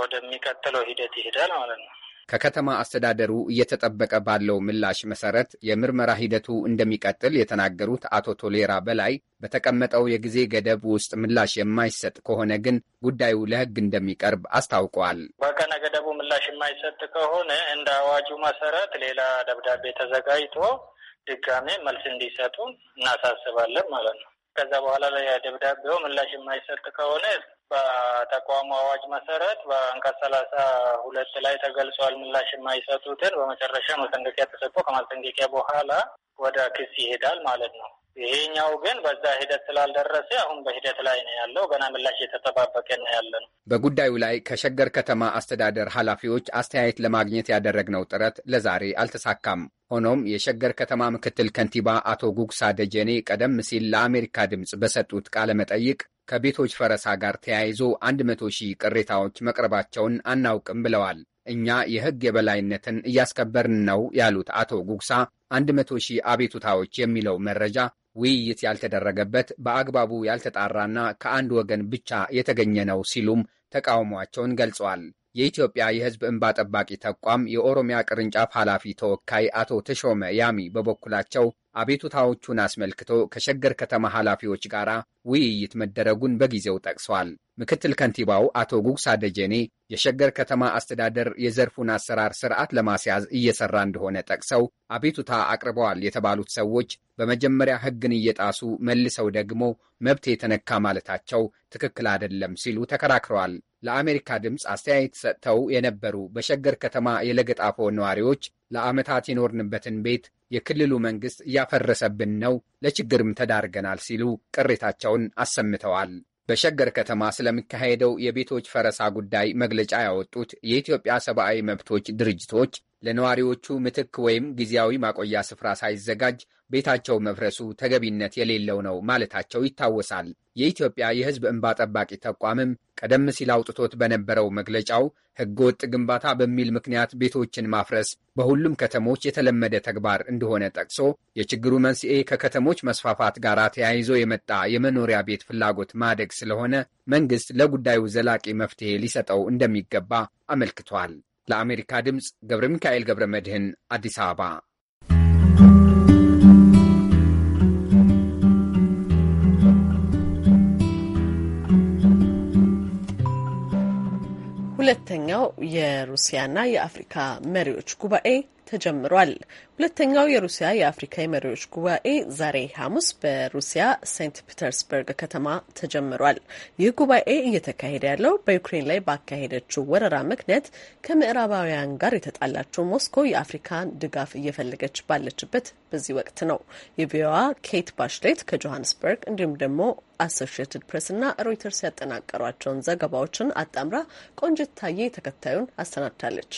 ወደሚቀጥለው ሂደት ይሄዳል ማለት ነው። ከከተማ አስተዳደሩ እየተጠበቀ ባለው ምላሽ መሰረት የምርመራ ሂደቱ እንደሚቀጥል የተናገሩት አቶ ቶሌራ በላይ በተቀመጠው የጊዜ ገደብ ውስጥ ምላሽ የማይሰጥ ከሆነ ግን ጉዳዩ ለሕግ እንደሚቀርብ አስታውቀዋል። በቀነ ገደቡ ምላሽ የማይሰጥ ከሆነ እንደ አዋጁ መሰረት ሌላ ደብዳቤ ተዘጋጅቶ ድጋሜ መልስ እንዲሰጡ እናሳስባለን ማለት ነው። ከዛ በኋላ ላይ ደብዳቤው ምላሽ የማይሰጥ ከሆነ በተቋሙ አዋጅ መሰረት በአንቀጽ ሰላሳ ሁለት ላይ ተገልጿል። ምላሽ የማይሰጡትን በመጨረሻ ማስጠንቀቂያ ተሰጥቶ ከማስጠንቀቂያ በኋላ ወደ ክስ ይሄዳል ማለት ነው። ይሄኛው ግን በዛ ሂደት ስላልደረሰ አሁን በሂደት ላይ ነው ያለው። ገና ምላሽ የተጠባበቀ ነው ያለ ነው። በጉዳዩ ላይ ከሸገር ከተማ አስተዳደር ኃላፊዎች አስተያየት ለማግኘት ያደረግነው ጥረት ለዛሬ አልተሳካም። ሆኖም የሸገር ከተማ ምክትል ከንቲባ አቶ ጉግሳ ደጀኔ ቀደም ሲል ለአሜሪካ ድምፅ በሰጡት ቃለ መጠይቅ ከቤቶች ፈረሳ ጋር ተያይዞ 100 ሺህ ቅሬታዎች መቅረባቸውን አናውቅም ብለዋል። እኛ የሕግ የበላይነትን እያስከበርን ነው ያሉት አቶ ጉግሳ 100 ሺህ አቤቱታዎች የሚለው መረጃ ውይይት ያልተደረገበት በአግባቡ ያልተጣራና ከአንድ ወገን ብቻ የተገኘ ነው ሲሉም ተቃውሟቸውን ገልጸዋል። የኢትዮጵያ የሕዝብ እንባ ጠባቂ ተቋም የኦሮሚያ ቅርንጫፍ ኃላፊ ተወካይ አቶ ተሾመ ያሚ በበኩላቸው አቤቱታዎቹን አስመልክቶ ከሸገር ከተማ ኃላፊዎች ጋር ውይይት መደረጉን በጊዜው ጠቅሷል። ምክትል ከንቲባው አቶ ጉግሳ ደጀኔ የሸገር ከተማ አስተዳደር የዘርፉን አሰራር ስርዓት ለማስያዝ እየሰራ እንደሆነ ጠቅሰው አቤቱታ አቅርበዋል የተባሉት ሰዎች በመጀመሪያ ሕግን እየጣሱ መልሰው ደግሞ መብት የተነካ ማለታቸው ትክክል አይደለም ሲሉ ተከራክረዋል። ለአሜሪካ ድምፅ አስተያየት ሰጥተው የነበሩ በሸገር ከተማ የለገጣፎ ነዋሪዎች ለዓመታት የኖርንበትን ቤት የክልሉ መንግስት እያፈረሰብን ነው፣ ለችግርም ተዳርገናል ሲሉ ቅሬታቸውን አሰምተዋል። በሸገር ከተማ ስለሚካሄደው የቤቶች ፈረሳ ጉዳይ መግለጫ ያወጡት የኢትዮጵያ ሰብአዊ መብቶች ድርጅቶች ለነዋሪዎቹ ምትክ ወይም ጊዜያዊ ማቆያ ስፍራ ሳይዘጋጅ ቤታቸው መፍረሱ ተገቢነት የሌለው ነው ማለታቸው ይታወሳል። የኢትዮጵያ የሕዝብ እንባ ጠባቂ ተቋምም ቀደም ሲል አውጥቶት በነበረው መግለጫው ህገወጥ ግንባታ በሚል ምክንያት ቤቶችን ማፍረስ በሁሉም ከተሞች የተለመደ ተግባር እንደሆነ ጠቅሶ የችግሩ መንስኤ ከከተሞች መስፋፋት ጋር ተያይዞ የመጣ የመኖሪያ ቤት ፍላጎት ማደግ ስለሆነ መንግስት ለጉዳዩ ዘላቂ መፍትሄ ሊሰጠው እንደሚገባ አመልክቷል። ለአሜሪካ ድምፅ ገብረ ሚካኤል ገብረ መድህን አዲስ አበባ። ሁለተኛው የሩሲያና የአፍሪካ መሪዎች ጉባኤ ተጀምሯል። ሁለተኛው የሩሲያ የአፍሪካ የመሪዎች ጉባኤ ዛሬ ሐሙስ በሩሲያ ሴንት ፒተርስበርግ ከተማ ተጀምሯል። ይህ ጉባኤ እየተካሄደ ያለው በዩክሬን ላይ ባካሄደችው ወረራ ምክንያት ከምዕራባውያን ጋር የተጣላችው ሞስኮ የአፍሪካን ድጋፍ እየፈለገች ባለችበት በዚህ ወቅት ነው። የቪዋ ኬት ባሽሌት ከጆሃንስበርግ እንዲሁም ደግሞ አሶሽትድ ፕሬስ እና ሮይተርስ ያጠናቀሯቸውን ዘገባዎችን አጣምራ ቆንጅት ታዬ ተከታዩን አሰናድታለች።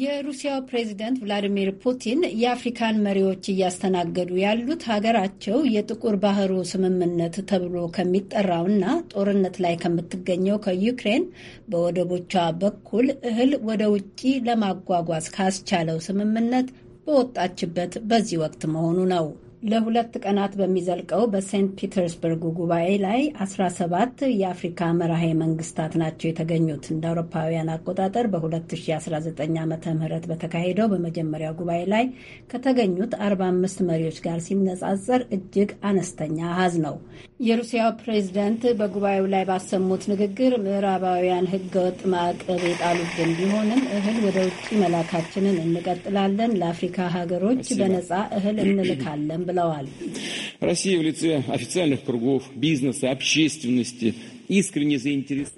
የሩሲያው ፕሬዚደንት ቭላዲሚር ፑቲን የአፍሪካን መሪዎች እያስተናገዱ ያሉት ሀገራቸው የጥቁር ባህሩ ስምምነት ተብሎ ከሚጠራውና ጦርነት ላይ ከምትገኘው ከዩክሬን በወደቦቿ በኩል እህል ወደ ውጪ ለማጓጓዝ ካስቻለው ስምምነት በወጣችበት በዚህ ወቅት መሆኑ ነው። ለሁለት ቀናት በሚዘልቀው በሴንት ፒተርስበርጉ ጉባኤ ላይ 17 የአፍሪካ መራሄ መንግስታት ናቸው የተገኙት። እንደ አውሮፓውያን አቆጣጠር በ2019 ዓ ም በተካሄደው በመጀመሪያው ጉባኤ ላይ ከተገኙት 45 መሪዎች ጋር ሲነጻጸር እጅግ አነስተኛ አሃዝ ነው። የሩሲያው ፕሬዝደንት በጉባኤው ላይ ባሰሙት ንግግር ምዕራባውያን ህገወጥ ማዕቀብ የጣሉብን ቢሆንም እህል ወደ ውጭ መላካችንን እንቀጥላለን፣ ለአፍሪካ ሀገሮች በነጻ እህል እንልካለን ብለዋል።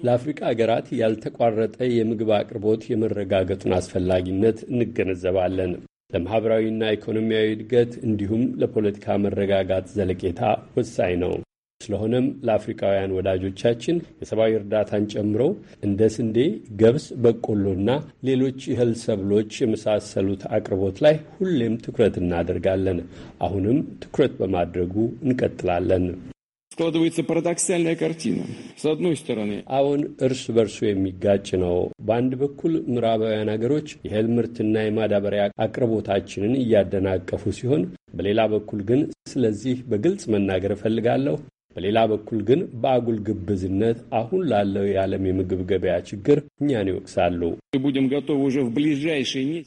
ለአፍሪካ ሀገራት ያልተቋረጠ የምግብ አቅርቦት የመረጋገጡን አስፈላጊነት እንገነዘባለን። ለማኅበራዊና ኢኮኖሚያዊ እድገት እንዲሁም ለፖለቲካ መረጋጋት ዘለቄታ ወሳኝ ነው። ስለሆነም ለአፍሪካውያን ወዳጆቻችን የሰብአዊ እርዳታን ጨምሮ እንደ ስንዴ፣ ገብስ፣ በቆሎና ሌሎች እህል ሰብሎች የመሳሰሉት አቅርቦት ላይ ሁሌም ትኩረት እናደርጋለን። አሁንም ትኩረት በማድረጉ እንቀጥላለን። складывается парадоксальная картина. С одной стороны... አሁን እርስ በርሱ የሚጋጭ ነው። በአንድ በኩል ምዕራባውያን ሀገሮች የእህል ምርትና የማዳበሪያ አቅርቦታችንን እያደናቀፉ ሲሆን፣ በሌላ በኩል ግን ስለዚህ በግልጽ መናገር እፈልጋለሁ በሌላ በኩል ግን በአጉል ግብዝነት አሁን ላለው የዓለም የምግብ ገበያ ችግር እኛን ይወቅሳሉ።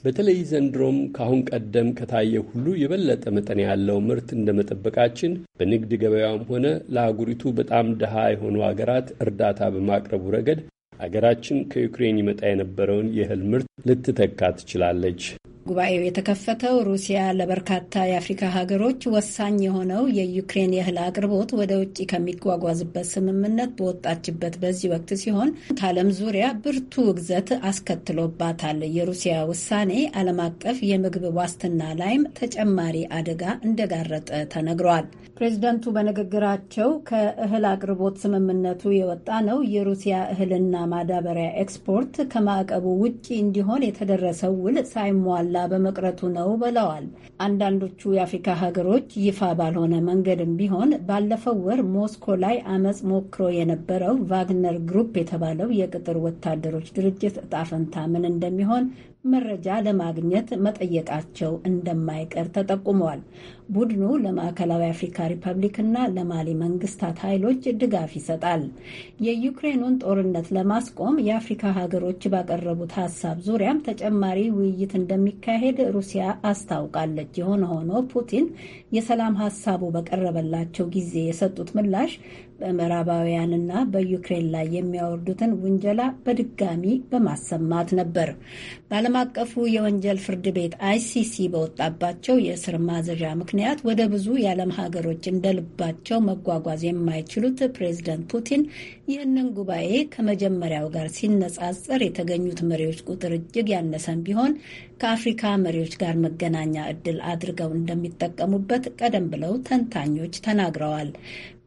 በተለይ ዘንድሮም ከአሁን ቀደም ከታየ ሁሉ የበለጠ መጠን ያለው ምርት እንደመጠበቃችን በንግድ ገበያውም ሆነ ለአጉሪቱ በጣም ድሃ የሆኑ አገራት እርዳታ በማቅረቡ ረገድ አገራችን ከዩክሬን ይመጣ የነበረውን የእህል ምርት ልትተካ ትችላለች። ጉባኤው የተከፈተው ሩሲያ ለበርካታ የአፍሪካ ሀገሮች ወሳኝ የሆነው የዩክሬን የእህል አቅርቦት ወደ ውጭ ከሚጓጓዝበት ስምምነት በወጣችበት በዚህ ወቅት ሲሆን ከዓለም ዙሪያ ብርቱ ውግዘት አስከትሎባታል። የሩሲያ ውሳኔ ዓለም አቀፍ የምግብ ዋስትና ላይም ተጨማሪ አደጋ እንደጋረጠ ተነግሯል። ፕሬዚደንቱ በንግግራቸው ከእህል አቅርቦት ስምምነቱ የወጣ ነው የሩሲያ እህልና ማዳበሪያ ኤክስፖርት ከማዕቀቡ ውጭ እንዲሆን የተደረሰው ውል ሳይሟል ሳይሟላ በመቅረቱ ነው ብለዋል። አንዳንዶቹ የአፍሪካ ሀገሮች ይፋ ባልሆነ መንገድም ቢሆን ባለፈው ወር ሞስኮ ላይ አመፅ ሞክሮ የነበረው ቫግነር ግሩፕ የተባለው የቅጥር ወታደሮች ድርጅት እጣ ፈንታ ምን እንደሚሆን መረጃ ለማግኘት መጠየቃቸው እንደማይቀር ተጠቁመዋል። ቡድኑ ለማዕከላዊ አፍሪካ ሪፐብሊክና ለማሊ መንግስታት ኃይሎች ድጋፍ ይሰጣል። የዩክሬኑን ጦርነት ለማስቆም የአፍሪካ ሀገሮች ባቀረቡት ሀሳብ ዙሪያም ተጨማሪ ውይይት እንደሚካሄድ ሩሲያ አስታውቃለች። የሆነ ሆኖ ፑቲን የሰላም ሀሳቡ በቀረበላቸው ጊዜ የሰጡት ምላሽ በምዕራባውያንና በዩክሬን ላይ የሚያወርዱትን ውንጀላ በድጋሚ በማሰማት ነበር። በዓለም አቀፉ የወንጀል ፍርድ ቤት አይሲሲ በወጣባቸው የእስር ማዘዣ ምክንያት ወደ ብዙ የዓለም ሀገሮች እንደልባቸው መጓጓዝ የማይችሉት ፕሬዝደንት ፑቲን ይህንን ጉባኤ ከመጀመሪያው ጋር ሲነጻጸር የተገኙት መሪዎች ቁጥር እጅግ ያነሰን ቢሆን ከአፍሪካ መሪዎች ጋር መገናኛ ዕድል አድርገው እንደሚጠቀሙበት ቀደም ብለው ተንታኞች ተናግረዋል።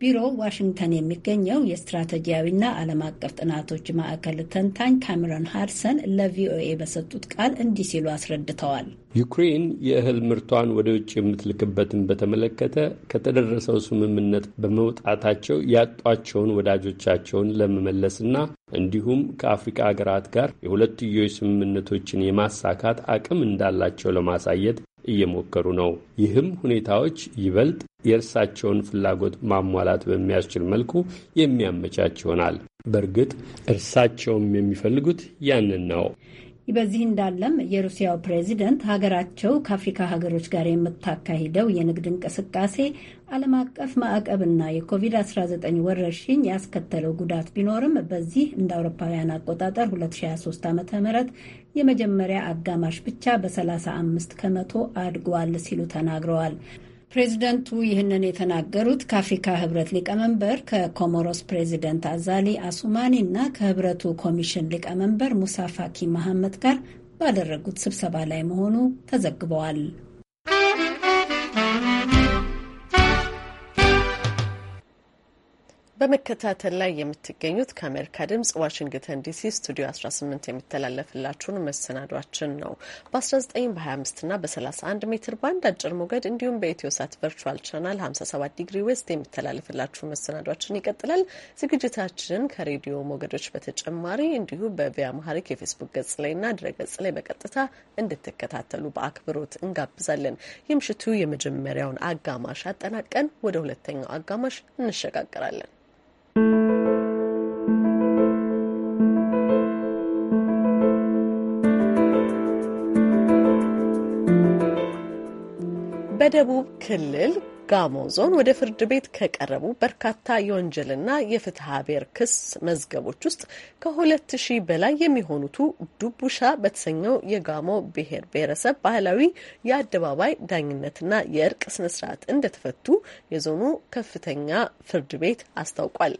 ቢሮው ዋሽንግተን የሚገኘው የስትራቴጂያዊና ዓለም አቀፍ ጥናቶች ማዕከል ተንታኝ ካሜሮን ሃድሰን ለቪኦኤ በሰጡት ቃል እንዲህ ሲሉ አስረድተዋል። ዩክሬን የእህል ምርቷን ወደ ውጭ የምትልክበትን በተመለከተ ከተደረሰው ስምምነት በመውጣታቸው ያጧቸውን ወዳጆቻቸውን ለመመለስና እንዲሁም ከአፍሪካ ሀገራት ጋር የሁለትዮሽ ስምምነቶችን የማሳካት አቅም እንዳላቸው ለማሳየት እየሞከሩ ነው። ይህም ሁኔታዎች ይበልጥ የእርሳቸውን ፍላጎት ማሟላት በሚያስችል መልኩ የሚያመቻች ይሆናል። በእርግጥ እርሳቸውም የሚፈልጉት ያንን ነው። በዚህ እንዳለም የሩሲያው ፕሬዚደንት ሀገራቸው ከአፍሪካ ሀገሮች ጋር የምታካሂደው የንግድ እንቅስቃሴ ዓለም አቀፍ ማዕቀብና የኮቪድ-19 ወረርሽኝ ያስከተለው ጉዳት ቢኖርም በዚህ እንደ አውሮፓውያን አቆጣጠር 2023 ዓ.ም የመጀመሪያ አጋማሽ ብቻ በ35 ከመቶ አድጓል ሲሉ ተናግረዋል። ፕሬዚደንቱ ይህንን የተናገሩት ከአፍሪካ ህብረት ሊቀመንበር ከኮሞሮስ ፕሬዚደንት አዛሊ አሱማኒ እና ከህብረቱ ኮሚሽን ሊቀመንበር ሙሳ ፋኪ መሐመድ ጋር ባደረጉት ስብሰባ ላይ መሆኑ ተዘግበዋል። በመከታተል ላይ የምትገኙት ከአሜሪካ ድምጽ ዋሽንግተን ዲሲ ስቱዲዮ 18 የሚተላለፍላችሁን መሰናዷችን ነው። በ19 በ25 እና በ31 ሜትር ባንድ አጭር ሞገድ እንዲሁም በኢትዮ ሳት ቨርቹዋል ቻናል 57 ዲግሪ ዌስት የሚተላለፍላችሁ መሰናዷችን ይቀጥላል። ዝግጅታችንን ከሬዲዮ ሞገዶች በተጨማሪ እንዲሁም በቪያ መሀሪክ የፌስቡክ ገጽ ላይና ድረ ገጽ ላይ በቀጥታ እንድትከታተሉ በአክብሮት እንጋብዛለን። የምሽቱ የመጀመሪያውን አጋማሽ አጠናቀን ወደ ሁለተኛው አጋማሽ እንሸጋገራለን። በደቡብ ክልል ጋሞ ዞን ወደ ፍርድ ቤት ከቀረቡ በርካታ የወንጀልና የፍትሐ ብሔር ክስ መዝገቦች ውስጥ ከሁለት ሺህ በላይ የሚሆኑቱ ዱቡሻ በተሰኘው የጋሞ ብሔር ብሔረሰብ ባህላዊ የአደባባይ ዳኝነትና የእርቅ ስነስርዓት እንደተፈቱ የዞኑ ከፍተኛ ፍርድ ቤት አስታውቋል።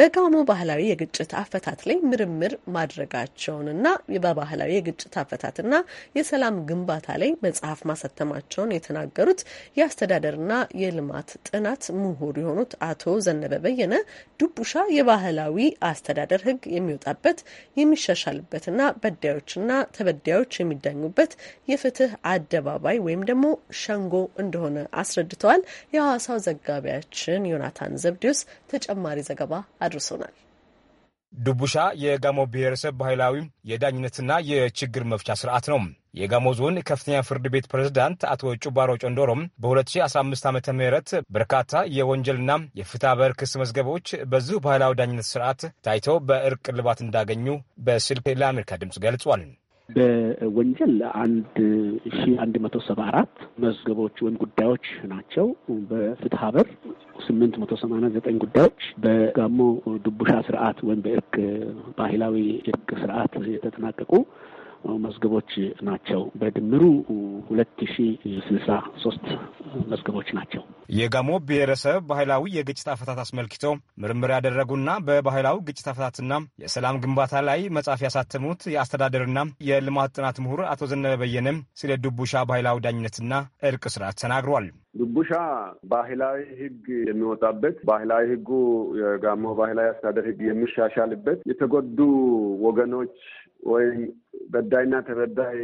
በጋሞ ባህላዊ የግጭት አፈታት ላይ ምርምር ማድረጋቸውንና በባህላዊ የግጭት አፈታትና የሰላም ግንባታ ላይ መጽሐፍ ማሳተማቸውን የተናገሩት የአስተዳደርና የልማት ጥናት ምሁር የሆኑት አቶ ዘነበ በየነ ዱቡሻ የባህላዊ አስተዳደር ህግ የሚወጣበት የሚሻሻልበትና በዳዮችና ተበዳዮች የሚዳኙበት የፍትህ አደባባይ ወይም ደግሞ ሸንጎ እንደሆነ አስረድተዋል። የሐዋሳው ዘጋቢያችን ዮናታን ዘብዲዮስ ተጨማሪ ዘገባ አድርሶናል። ዱቡሻ የጋሞ ብሔረሰብ ባህላዊ የዳኝነትና የችግር መፍቻ ስርዓት ነው። የጋሞ ዞን ከፍተኛ ፍርድ ቤት ፕሬዝዳንት አቶ ጩባሮ ጮንዶሮም በ2015 ዓ ም በርካታ የወንጀልና የፍትሐ ክስ መዝገቦች በዚሁ ባህላዊ ዳኝነት ስርዓት ታይተው በእርቅ ልባት እንዳገኙ በስልክ ለአሜሪካ ድምፅ ገልጿል። በወንጀል አንድ ሺ አንድ መቶ ሰባ አራት መዝገቦች ወይም ጉዳዮች ናቸው። በፍትሐ ብሔር ስምንት መቶ ሰማንያ ዘጠኝ ጉዳዮች በጋሞ ዱቡሻ ስርዓት ወይም በእርቅ ባህላዊ እርቅ ስርዓት የተጠናቀቁ መዝገቦች ናቸው። በድምሩ ሁለት ሺ ስልሳ ሶስት መዝገቦች ናቸው። የጋሞ ብሔረሰብ ባህላዊ የግጭት አፈታት አስመልክቶ ምርምር ያደረጉና በባህላዊ ግጭት አፈታትና የሰላም ግንባታ ላይ መጽሐፍ ያሳተሙት የአስተዳደርና የልማት ጥናት ምሁር አቶ ዘነበ በየነም ስለ ዱቡሻ ባህላዊ ዳኝነትና እርቅ ስርዓት ተናግሯል። ዱቡሻ ባህላዊ ህግ የሚወጣበት ባህላዊ ህጉ የጋሞ ባህላዊ አስተዳደር ህግ የሚሻሻልበት የተጎዱ ወገኖች ወይ በዳይና ተበዳይ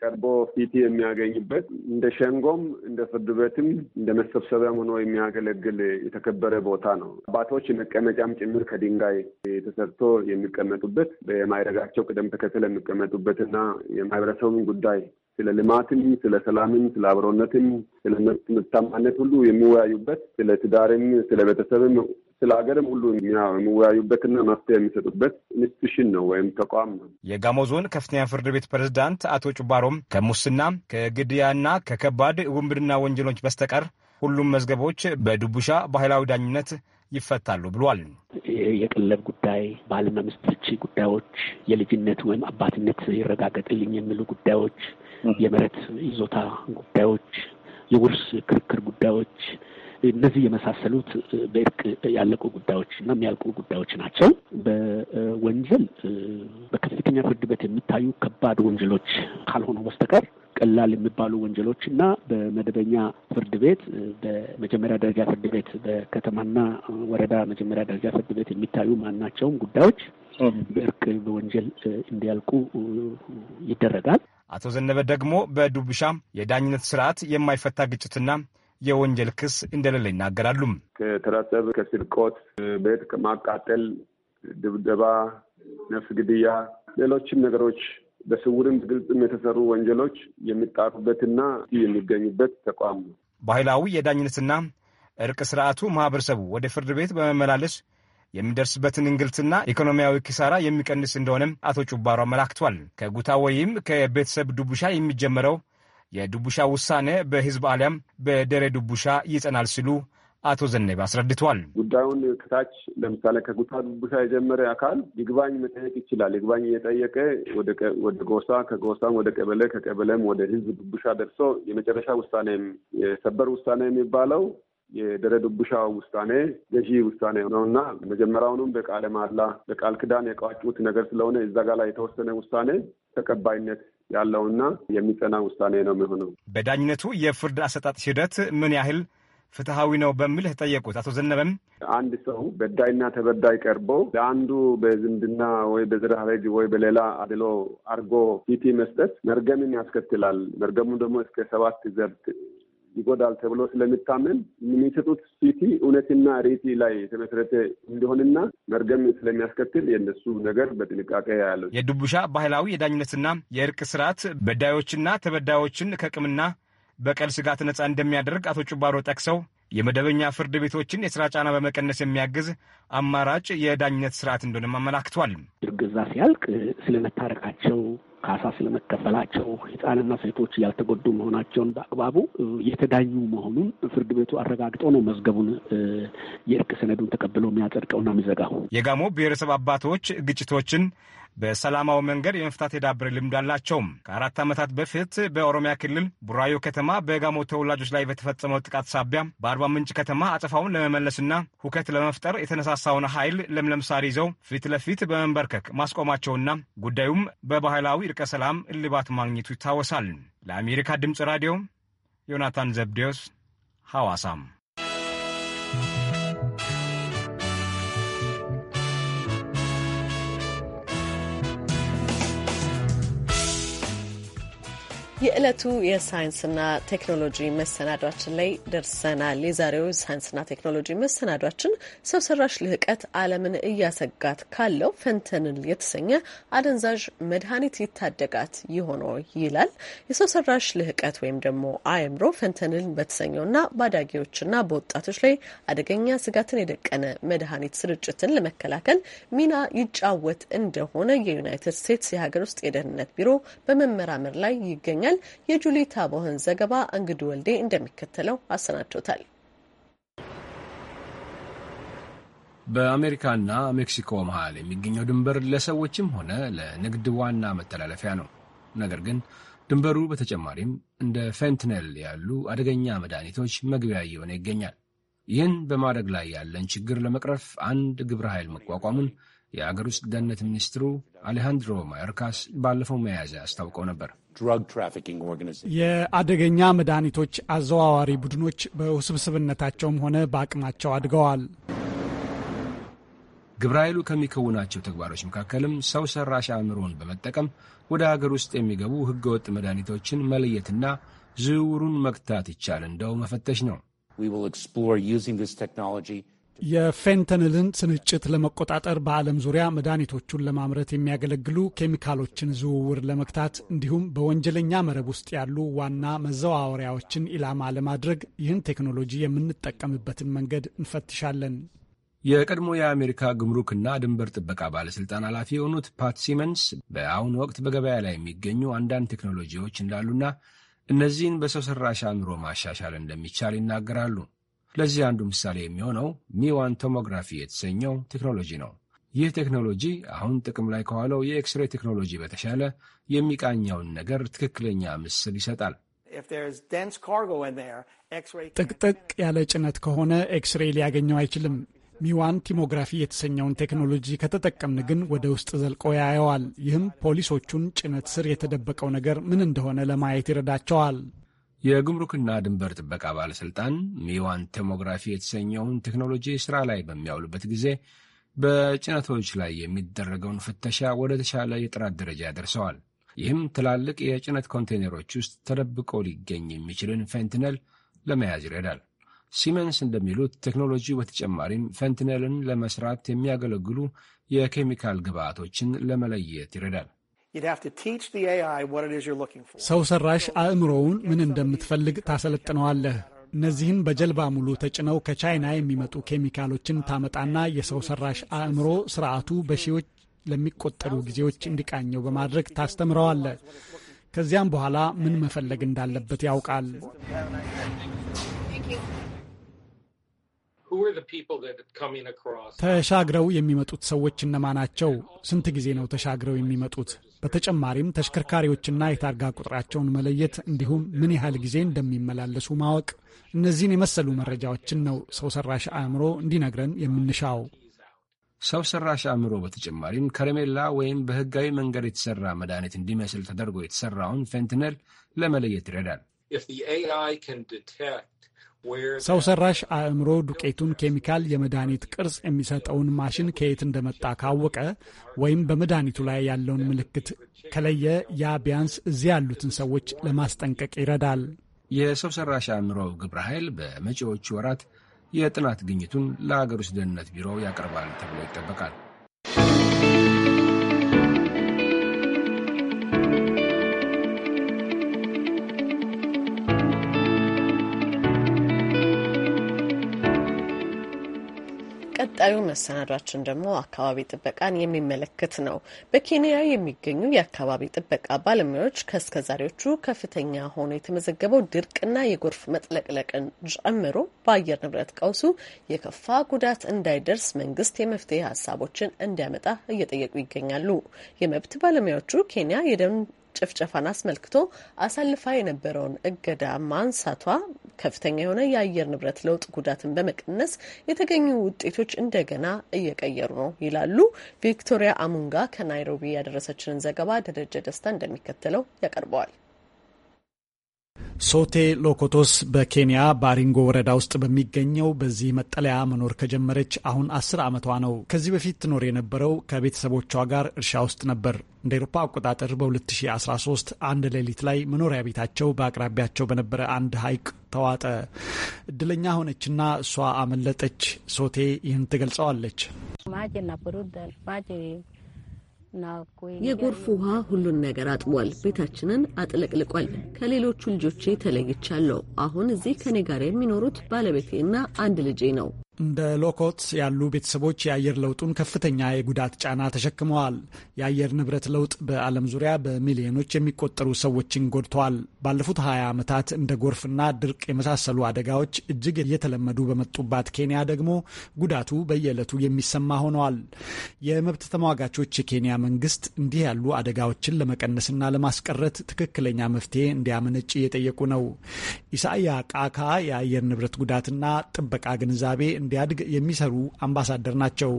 ቀርቦ ፊት የሚያገኝበት እንደ ሸንጎም እንደ ፍርድ ቤትም እንደ መሰብሰቢያም ሆኖ የሚያገለግል የተከበረ ቦታ ነው። አባቶች መቀመጫም ጭምር ከድንጋይ ተሰርቶ የሚቀመጡበት የማይረጋቸው ቅደም ተከተል የሚቀመጡበትና የማህበረሰቡን ጉዳይ ስለ ልማትም፣ ስለ ሰላምም፣ ስለ አብሮነትም፣ ስለ ምርታማነት ሁሉ የሚወያዩበት ስለ ትዳርም፣ ስለ ቤተሰብም፣ ስለ ሀገርም ሁሉ የሚወያዩበትና መፍትሄ የሚሰጡበት ኢንስቲቱሽን ነው ወይም ተቋም ነው። የጋሞ ዞን ከፍተኛ ፍርድ ቤት ፕሬዝዳንት አቶ ጩባሮም ከሙስና ከግድያና ከከባድ ውንብድና ወንጀሎች በስተቀር ሁሉም መዝገቦች በዱቡሻ ባህላዊ ዳኝነት ይፈታሉ ብሏል። የቀለብ ጉዳይ፣ ባልና ሚስቶች ጉዳዮች፣ የልጅነት ወይም አባትነት ይረጋገጥልኝ የሚሉ ጉዳዮች የመሬት ይዞታ ጉዳዮች፣ የውርስ ክርክር ጉዳዮች እነዚህ የመሳሰሉት በእርቅ ያለቁ ጉዳዮች እና የሚያልቁ ጉዳዮች ናቸው። በወንጀል በከፍተኛ ፍርድ ቤት የሚታዩ ከባድ ወንጀሎች ካልሆኑ በስተቀር ቀላል የሚባሉ ወንጀሎች እና በመደበኛ ፍርድ ቤት በመጀመሪያ ደረጃ ፍርድ ቤት በከተማና ወረዳ መጀመሪያ ደረጃ ፍርድ ቤት የሚታዩ ማናቸውም ጉዳዮች በሕግ በወንጀል እንዲያልቁ ይደረጋል። አቶ ዘነበ ደግሞ በዱብሻ የዳኝነት ስርዓት የማይፈታ ግጭትና የወንጀል ክስ እንደሌለ ይናገራሉ። ከተራሰብ ከስርቆት፣ ቤት ከማቃጠል፣ ድብደባ፣ ነፍስ ግድያ፣ ሌሎችም ነገሮች በስውርም ግልጽም የተሰሩ ወንጀሎች የሚጣሩበትና የሚገኙበት ተቋም ነው። ባህላዊ የዳኝነትና እርቅ ስርዓቱ ማህበረሰቡ ወደ ፍርድ ቤት በመመላለስ የሚደርስበትን እንግልትና ኢኮኖሚያዊ ኪሳራ የሚቀንስ እንደሆነም አቶ ጩባሮ አመላክቷል። ከጉታ ወይም ከቤተሰብ ዱቡሻ የሚጀመረው የዱቡሻ ውሳኔ በህዝብ አሊያም በደሬ ዱቡሻ ይጸናል ሲሉ አቶ ዘነብ አስረድተዋል። ጉዳዩን ከታች ለምሳሌ ከጉታ ዱቡሻ የጀመረ አካል ይግባኝ መጠየቅ ይችላል። ይግባኝ እየጠየቀ ወደ ጎሳ፣ ከጎሳም ወደ ቀበሌ፣ ከቀበሌም ወደ ህዝብ ዱቡሻ ደርሶ የመጨረሻ ውሳኔ የሰበር ውሳኔ የሚባለው የደረድቡሻ ውሳኔ ገዢ ውሳኔ ነው እና በቃለ ማላ በቃል ክዳን የቋጩት ነገር ስለሆነ እዛ ጋር ላይ የተወሰነ ውሳኔ ተቀባይነት ያለውና የሚጸና ውሳኔ ነው የሚሆነው። በዳኝነቱ የፍርድ አሰጣጥ ሂደት ምን ያህል ፍትሐዊ ነው በሚል ተጠየቁት አቶ ዘነበም አንድ ሰው በዳይና ተበዳይ ቀርቦ ለአንዱ በዝምድና ወይ በዘር ወይ በሌላ አድሎ አድርጎ ፊቲ መስጠት መርገምን ያስከትላል። መርገሙ ደግሞ እስከ ሰባት ዘር ይጎዳል ተብሎ ስለሚታመን የሚሰጡት ሲቲ እውነትና ሬቲ ላይ የተመሰረተ እንዲሆንና መርገም ስለሚያስከትል የእነሱ ነገር በጥንቃቄ ያለው የዱቡሻ ባህላዊ የዳኝነትና የእርቅ ስርዓት በዳዮችና ተበዳዮችን ከቅምና በቀል ስጋት ነጻ እንደሚያደርግ አቶ ጩባሮ ጠቅሰው የመደበኛ ፍርድ ቤቶችን የስራ ጫና በመቀነስ የሚያግዝ አማራጭ የዳኝነት ስርዓት እንደሆነም አመላክቷል። እርግዛ ሲያልቅ ስለመታረቃቸው ካሳ ስለመከፈላቸው ህፃንና ሴቶች ያልተጎዱ መሆናቸውን በአግባቡ የተዳኙ መሆኑን ፍርድ ቤቱ አረጋግጦ ነው መዝገቡን የእርቅ ሰነዱን ተቀብሎ የሚያጸድቀውና የሚዘጋው። የጋሞ ብሔረሰብ አባቶች ግጭቶችን በሰላማዊ መንገድ የመፍታት የዳብር ልምድ አላቸው። ከአራት ዓመታት በፊት በኦሮሚያ ክልል ቡራዮ ከተማ በጋሞ ተወላጆች ላይ በተፈጸመው ጥቃት ሳቢያ በአርባ ምንጭ ከተማ አጸፋውን ለመመለስና ሁከት ለመፍጠር የተነሳሳውን ኃይል ለምለም ሳር ይዘው ፊት ለፊት በመንበርከክ ማስቆማቸውና ጉዳዩም በባህላዊ እርቀ ሰላም እልባት ማግኘቱ ይታወሳል። ለአሜሪካ ድምፅ ራዲዮ ዮናታን ዘብዴዎስ ሐዋሳም የዕለቱ የሳይንስና ቴክኖሎጂ መሰናዷችን ላይ ደርሰናል። የዛሬው ሳይንስና ቴክኖሎጂ መሰናዷችን ሰው ሰራሽ ልህቀት ዓለምን እያሰጋት ካለው ፈንተንል የተሰኘ አደንዛዥ መድኃኒት ይታደጋት ይሆኖ ይላል። የሰው ሰራሽ ልህቀት ወይም ደግሞ አእምሮ ፈንተንል በተሰኘውና በአዳጊዎችና በወጣቶች ላይ አደገኛ ስጋትን የደቀነ መድኃኒት ስርጭትን ለመከላከል ሚና ይጫወት እንደሆነ የዩናይትድ ስቴትስ የሀገር ውስጥ የደህንነት ቢሮ በመመራመር ላይ ይገኛል። ይገኛል። የጁሊ ታቦህን ዘገባ እንግዱ ወልዴ እንደሚከተለው አሰናድቶታል። በአሜሪካና ሜክሲኮ መሃል የሚገኘው ድንበር ለሰዎችም ሆነ ለንግድ ዋና መተላለፊያ ነው። ነገር ግን ድንበሩ በተጨማሪም እንደ ፌንትነል ያሉ አደገኛ መድኃኒቶች መግቢያ እየሆነ ይገኛል። ይህን በማድረግ ላይ ያለን ችግር ለመቅረፍ አንድ ግብረ ኃይል መቋቋሙን የአገር ውስጥ ደህንነት ሚኒስትሩ አሌሃንድሮ ማዮርካስ ባለፈው መያዝያ አስታውቀው ነበር። የአደገኛ መድኃኒቶች አዘዋዋሪ ቡድኖች በውስብስብነታቸውም ሆነ በአቅማቸው አድገዋል። ግብረ ኃይሉ ከሚከውናቸው ተግባሮች መካከልም ሰው ሰራሽ አእምሮን በመጠቀም ወደ አገር ውስጥ የሚገቡ ህገወጥ መድኃኒቶችን መለየትና ዝውውሩን መግታት ይቻል እንደው መፈተሽ ነው። የፌንተንልን ስንጭት ለመቆጣጠር በዓለም ዙሪያ መድኃኒቶቹን ለማምረት የሚያገለግሉ ኬሚካሎችን ዝውውር ለመግታት እንዲሁም በወንጀለኛ መረብ ውስጥ ያሉ ዋና መዘዋወሪያዎችን ኢላማ ለማድረግ ይህን ቴክኖሎጂ የምንጠቀምበትን መንገድ እንፈትሻለን። የቀድሞ የአሜሪካ ግምሩክና ድንበር ጥበቃ ባለሥልጣን ኃላፊ የሆኑት ፓት ሲመንስ በአሁኑ ወቅት በገበያ ላይ የሚገኙ አንዳንድ ቴክኖሎጂዎች እንዳሉና እነዚህን በሰው ሠራሽ አእምሮ ማሻሻል እንደሚቻል ይናገራሉ። ለዚህ አንዱ ምሳሌ የሚሆነው ሚዋን ቶሞግራፊ የተሰኘው ቴክኖሎጂ ነው። ይህ ቴክኖሎጂ አሁን ጥቅም ላይ ከዋለው የኤክስሬ ቴክኖሎጂ በተሻለ የሚቃኘውን ነገር ትክክለኛ ምስል ይሰጣል። ጥቅጥቅ ያለ ጭነት ከሆነ ኤክስሬ ሊያገኘው አይችልም። ሚዋን ቲሞግራፊ የተሰኘውን ቴክኖሎጂ ከተጠቀምን ግን ወደ ውስጥ ዘልቆ ያየዋል። ይህም ፖሊሶቹን ጭነት ስር የተደበቀው ነገር ምን እንደሆነ ለማየት ይረዳቸዋል። የጉምሩክና ድንበር ጥበቃ ባለሥልጣን ሚዋን ቶሞግራፊ የተሰኘውን ቴክኖሎጂ ሥራ ላይ በሚያውሉበት ጊዜ በጭነቶች ላይ የሚደረገውን ፍተሻ ወደ ተሻለ የጥራት ደረጃ ያደርሰዋል። ይህም ትላልቅ የጭነት ኮንቴይነሮች ውስጥ ተደብቆ ሊገኝ የሚችልን ፌንትነል ለመያዝ ይረዳል። ሲመንስ እንደሚሉት ቴክኖሎጂ በተጨማሪም ፌንትነልን ለመስራት የሚያገለግሉ የኬሚካል ግብዓቶችን ለመለየት ይረዳል። ሰው ሰራሽ አእምሮውን ምን እንደምትፈልግ ታሰለጥነዋለህ። እነዚህን በጀልባ ሙሉ ተጭነው ከቻይና የሚመጡ ኬሚካሎችን ታመጣና የሰው ሰራሽ አእምሮ ስርዓቱ በሺዎች ለሚቆጠሩ ጊዜዎች እንዲቃኘው በማድረግ ታስተምረዋለህ። ከዚያም በኋላ ምን መፈለግ እንዳለበት ያውቃል። ተሻግረው የሚመጡት ሰዎች እነማናቸው? ስንት ጊዜ ነው ተሻግረው የሚመጡት? በተጨማሪም ተሽከርካሪዎችና የታርጋ ቁጥራቸውን መለየት እንዲሁም ምን ያህል ጊዜ እንደሚመላለሱ ማወቅ፣ እነዚህን የመሰሉ መረጃዎችን ነው ሰው ሰራሽ አእምሮ እንዲነግረን የምንሻው። ሰው ሰራሽ አእምሮ በተጨማሪም ከረሜላ ወይም በህጋዊ መንገድ የተሰራ መድኃኒት እንዲመስል ተደርጎ የተሰራውን ፌንትነል ለመለየት ይረዳል። ሰው ሰራሽ አእምሮ ዱቄቱን ኬሚካል የመድኃኒት ቅርጽ የሚሰጠውን ማሽን ከየት እንደመጣ ካወቀ ወይም በመድኃኒቱ ላይ ያለውን ምልክት ከለየ ያ ቢያንስ እዚህ ያሉትን ሰዎች ለማስጠንቀቅ ይረዳል። የሰው ሰራሽ አእምሮ ግብረ ኃይል በመጪዎቹ ወራት የጥናት ግኝቱን ለአገር ውስጥ ደህንነት ቢሮ ያቀርባል ተብሎ ይጠበቃል። ቀጣዩ መሰናዷችን ደግሞ አካባቢ ጥበቃን የሚመለከት ነው። በኬንያ የሚገኙ የአካባቢ ጥበቃ ባለሙያዎች ከእስከዛሬዎቹ ከፍተኛ ሆኖ የተመዘገበው ድርቅና የጎርፍ መጥለቅለቅን ጨምሮ በአየር ንብረት ቀውሱ የከፋ ጉዳት እንዳይደርስ መንግስት የመፍትሄ ሀሳቦችን እንዲያመጣ እየጠየቁ ይገኛሉ። የመብት ባለሙያዎቹ ኬንያ ጭፍጨፋን አስመልክቶ አሳልፋ የነበረውን እገዳ ማንሳቷ ከፍተኛ የሆነ የአየር ንብረት ለውጥ ጉዳትን በመቀነስ የተገኙ ውጤቶች እንደገና እየቀየሩ ነው ይላሉ። ቪክቶሪያ አሙንጋ ከናይሮቢ ያደረሰችንን ዘገባ ደረጀ ደስታ እንደሚከተለው ያቀርበዋል። ሶቴ ሎኮቶስ በኬንያ ባሪንጎ ወረዳ ውስጥ በሚገኘው በዚህ መጠለያ መኖር ከጀመረች አሁን አስር ዓመቷ ነው። ከዚህ በፊት ትኖር የነበረው ከቤተሰቦቿ ጋር እርሻ ውስጥ ነበር። እንደ ኤሮፓ አቆጣጠር በ2013 አንድ ሌሊት ላይ መኖሪያ ቤታቸው በአቅራቢያቸው በነበረ አንድ ሐይቅ ተዋጠ። እድለኛ ሆነችና እሷ አመለጠች። ሶቴ ይህን ትገልጸዋለች። የጎርፍ ውሃ ሁሉን ነገር አጥቧል። ቤታችንን አጥለቅልቋል። ከሌሎቹ ልጆቼ ተለይቻለሁ። አሁን እዚህ ከኔ ጋር የሚኖሩት ባለቤቴና አንድ ልጄ ነው። እንደ ሎኮት ያሉ ቤተሰቦች የአየር ለውጡን ከፍተኛ የጉዳት ጫና ተሸክመዋል። የአየር ንብረት ለውጥ በዓለም ዙሪያ በሚሊዮኖች የሚቆጠሩ ሰዎችን ጎድተዋል። ባለፉት 20 ዓመታት እንደ ጎርፍና ድርቅ የመሳሰሉ አደጋዎች እጅግ እየተለመዱ በመጡባት ኬንያ ደግሞ ጉዳቱ በየዕለቱ የሚሰማ ሆነዋል። የመብት ተሟጋቾች የኬንያ መንግስት እንዲህ ያሉ አደጋዎችን ለመቀነስና ለማስቀረት ትክክለኛ መፍትሄ እንዲያመነጭ እየጠየቁ ነው። ኢሳያ ቃካ የአየር ንብረት ጉዳትና ጥበቃ ግንዛቤ እንዲያድግ የሚሰሩ አምባሳደር ናቸው።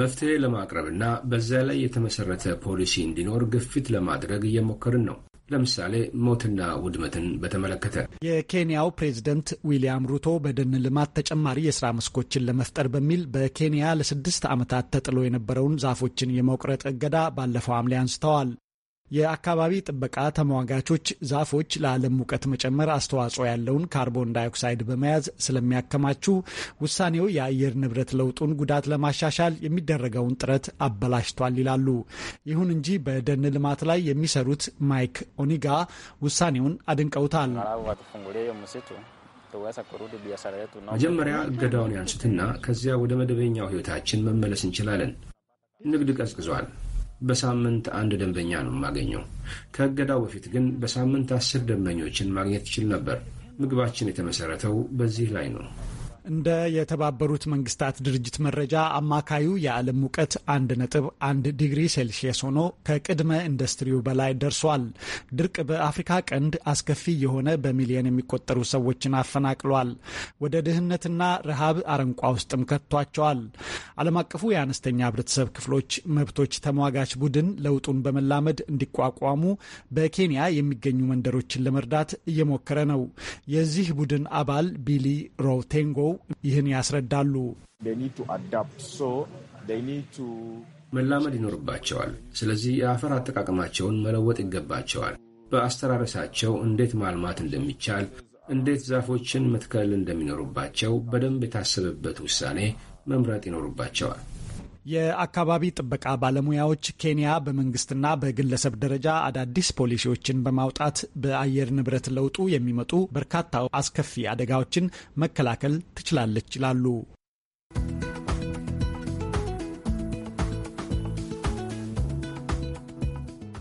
መፍትሄ ለማቅረብና በዚያ ላይ የተመሰረተ ፖሊሲ እንዲኖር ግፊት ለማድረግ እየሞከርን ነው። ለምሳሌ ሞትና ውድመትን በተመለከተ የኬንያው ፕሬዝደንት ዊልያም ሩቶ በደን ልማት ተጨማሪ የስራ መስኮችን ለመፍጠር በሚል በኬንያ ለስድስት ዓመታት ተጥሎ የነበረውን ዛፎችን የመቁረጥ እገዳ ባለፈው ሐምሌ አንስተዋል። የአካባቢ ጥበቃ ተሟጋቾች ዛፎች ለዓለም ሙቀት መጨመር አስተዋጽኦ ያለውን ካርቦን ዳይኦክሳይድ በመያዝ ስለሚያከማቹ ውሳኔው የአየር ንብረት ለውጡን ጉዳት ለማሻሻል የሚደረገውን ጥረት አበላሽቷል ይላሉ። ይሁን እንጂ በደን ልማት ላይ የሚሰሩት ማይክ ኦኒጋ ውሳኔውን አድንቀውታል። መጀመሪያ እገዳውን ያንሱትና ከዚያ ወደ መደበኛው ሕይወታችን መመለስ እንችላለን። ንግድ ቀዝቅዟል። በሳምንት አንድ ደንበኛ ነው የማገኘው። ከእገዳው በፊት ግን በሳምንት አስር ደንበኞችን ማግኘት ይችል ነበር። ምግባችን የተመሰረተው በዚህ ላይ ነው። እንደ የተባበሩት መንግስታት ድርጅት መረጃ አማካዩ የዓለም ሙቀት አንድ ዲግሪ ሴልሺየስ ሆኖ ከቅድመ ኢንዱስትሪው በላይ ደርሷል። ድርቅ በአፍሪካ ቀንድ አስከፊ የሆነ በሚሊዮን የሚቆጠሩ ሰዎችን አፈናቅሏል። ወደ ድህነትና ረሃብ አረንቋ ውስጥም ከቷቸዋል። ዓለም አቀፉ የአነስተኛ ህብረተሰብ ክፍሎች መብቶች ተሟጋች ቡድን ለውጡን በመላመድ እንዲቋቋሙ በኬንያ የሚገኙ መንደሮችን ለመርዳት እየሞከረ ነው። የዚህ ቡድን አባል ቢሊ ሮቴንጎ ይህን ያስረዳሉ። መላመድ ይኖርባቸዋል። ስለዚህ የአፈር አጠቃቀማቸውን መለወጥ ይገባቸዋል። በአስተራረሳቸው እንዴት ማልማት እንደሚቻል፣ እንዴት ዛፎችን መትከል እንደሚኖሩባቸው በደንብ የታሰበበት ውሳኔ መምረጥ ይኖርባቸዋል። የአካባቢ ጥበቃ ባለሙያዎች ኬንያ በመንግስትና በግለሰብ ደረጃ አዳዲስ ፖሊሲዎችን በማውጣት በአየር ንብረት ለውጡ የሚመጡ በርካታ አስከፊ አደጋዎችን መከላከል ትችላለች ይላሉ።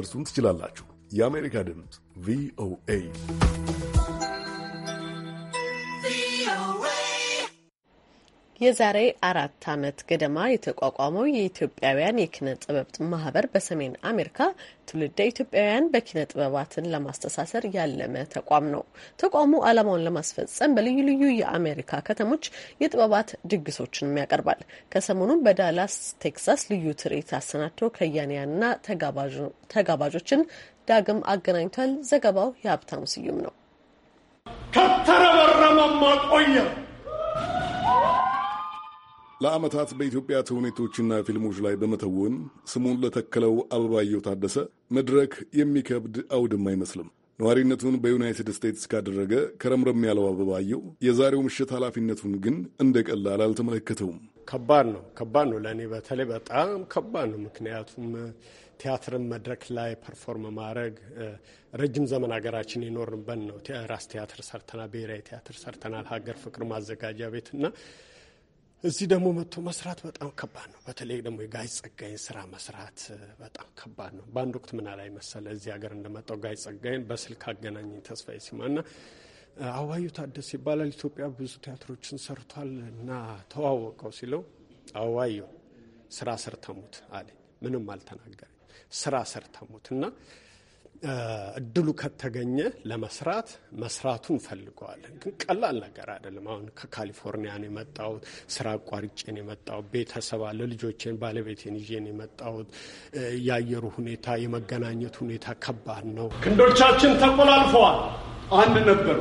ልትደርሱን ትችላላችሁ። የአሜሪካ ድምፅ ቪኦኤ የዛሬ አራት ዓመት ገደማ የተቋቋመው የኢትዮጵያውያን የኪነ ጥበብ ማህበር በሰሜን አሜሪካ ትውልደ ኢትዮጵያውያን በኪነ ጥበባትን ለማስተሳሰር ያለመ ተቋም ነው። ተቋሙ ዓላማውን ለማስፈጸም በልዩ ልዩ የአሜሪካ ከተሞች የጥበባት ድግሶችንም ያቀርባል። ከሰሞኑም በዳላስ ቴክሳስ ልዩ ትርኢት አሰናድቶ ከያንያንና ተጋባዦችን ዳግም አገናኝቷል። ዘገባው የሀብታሙ ስዩም ነው። ከተረበረመማ ቆየ ለዓመታት በኢትዮጵያ ተውኔቶችና ፊልሞች ላይ በመተወን ስሙን ለተከለው አበባየው ታደሰ መድረክ የሚከብድ አውድም አይመስልም። ነዋሪነቱን በዩናይትድ ስቴትስ ካደረገ ከረምረም ያለው አበባየው የዛሬው ምሽት ኃላፊነቱን ግን እንደ ቀላል አልተመለከተውም። ከባድ ነው፣ ከባድ ነው። ለእኔ በተለይ በጣም ከባድ ነው። ምክንያቱም ቲያትርን መድረክ ላይ ፐርፎርም ማድረግ ረጅም ዘመን ሀገራችን የኖርንበት ነው። ራስ ቲያትር ሰርተናል፣ ብሔራዊ ቲያትር ሰርተናል፣ ሀገር ፍቅር ማዘጋጃ ቤት እና እዚህ ደግሞ መጥቶ መስራት በጣም ከባድ ነው። በተለይ ደግሞ የጋሽ ጸጋይን ስራ መስራት በጣም ከባድ ነው። በአንድ ወቅት ምና ላይ መሰለ እዚህ ሀገር እንደመጣው ጋሽ ጸጋይን በስልክ አገናኝ ተስፋዬ ሲማና አዋዩ ታደስ ይባላል ኢትዮጵያ ብዙ ቲያትሮችን ሰርቷል እና ተዋወቀው ሲለው አዋዩ ስራ ሰርተሙት አለኝ። ምንም አልተናገረኝ። ስራ ሰርተሙት እና እድሉ ከተገኘ ለመስራት መስራቱን ፈልገዋል። ግን ቀላል ነገር አይደለም። አሁን ነው የመጣሁት ስራ አቋርጬን የመጣሁት ቤተሰብ አለ፣ ልጆቼን፣ ባለቤቴን ይዤን የመጣሁት የአየሩ ሁኔታ የመገናኘት ሁኔታ ከባድ ነው። ክንዶቻችን ተቆላልፈዋል። አንድ ነበሩ።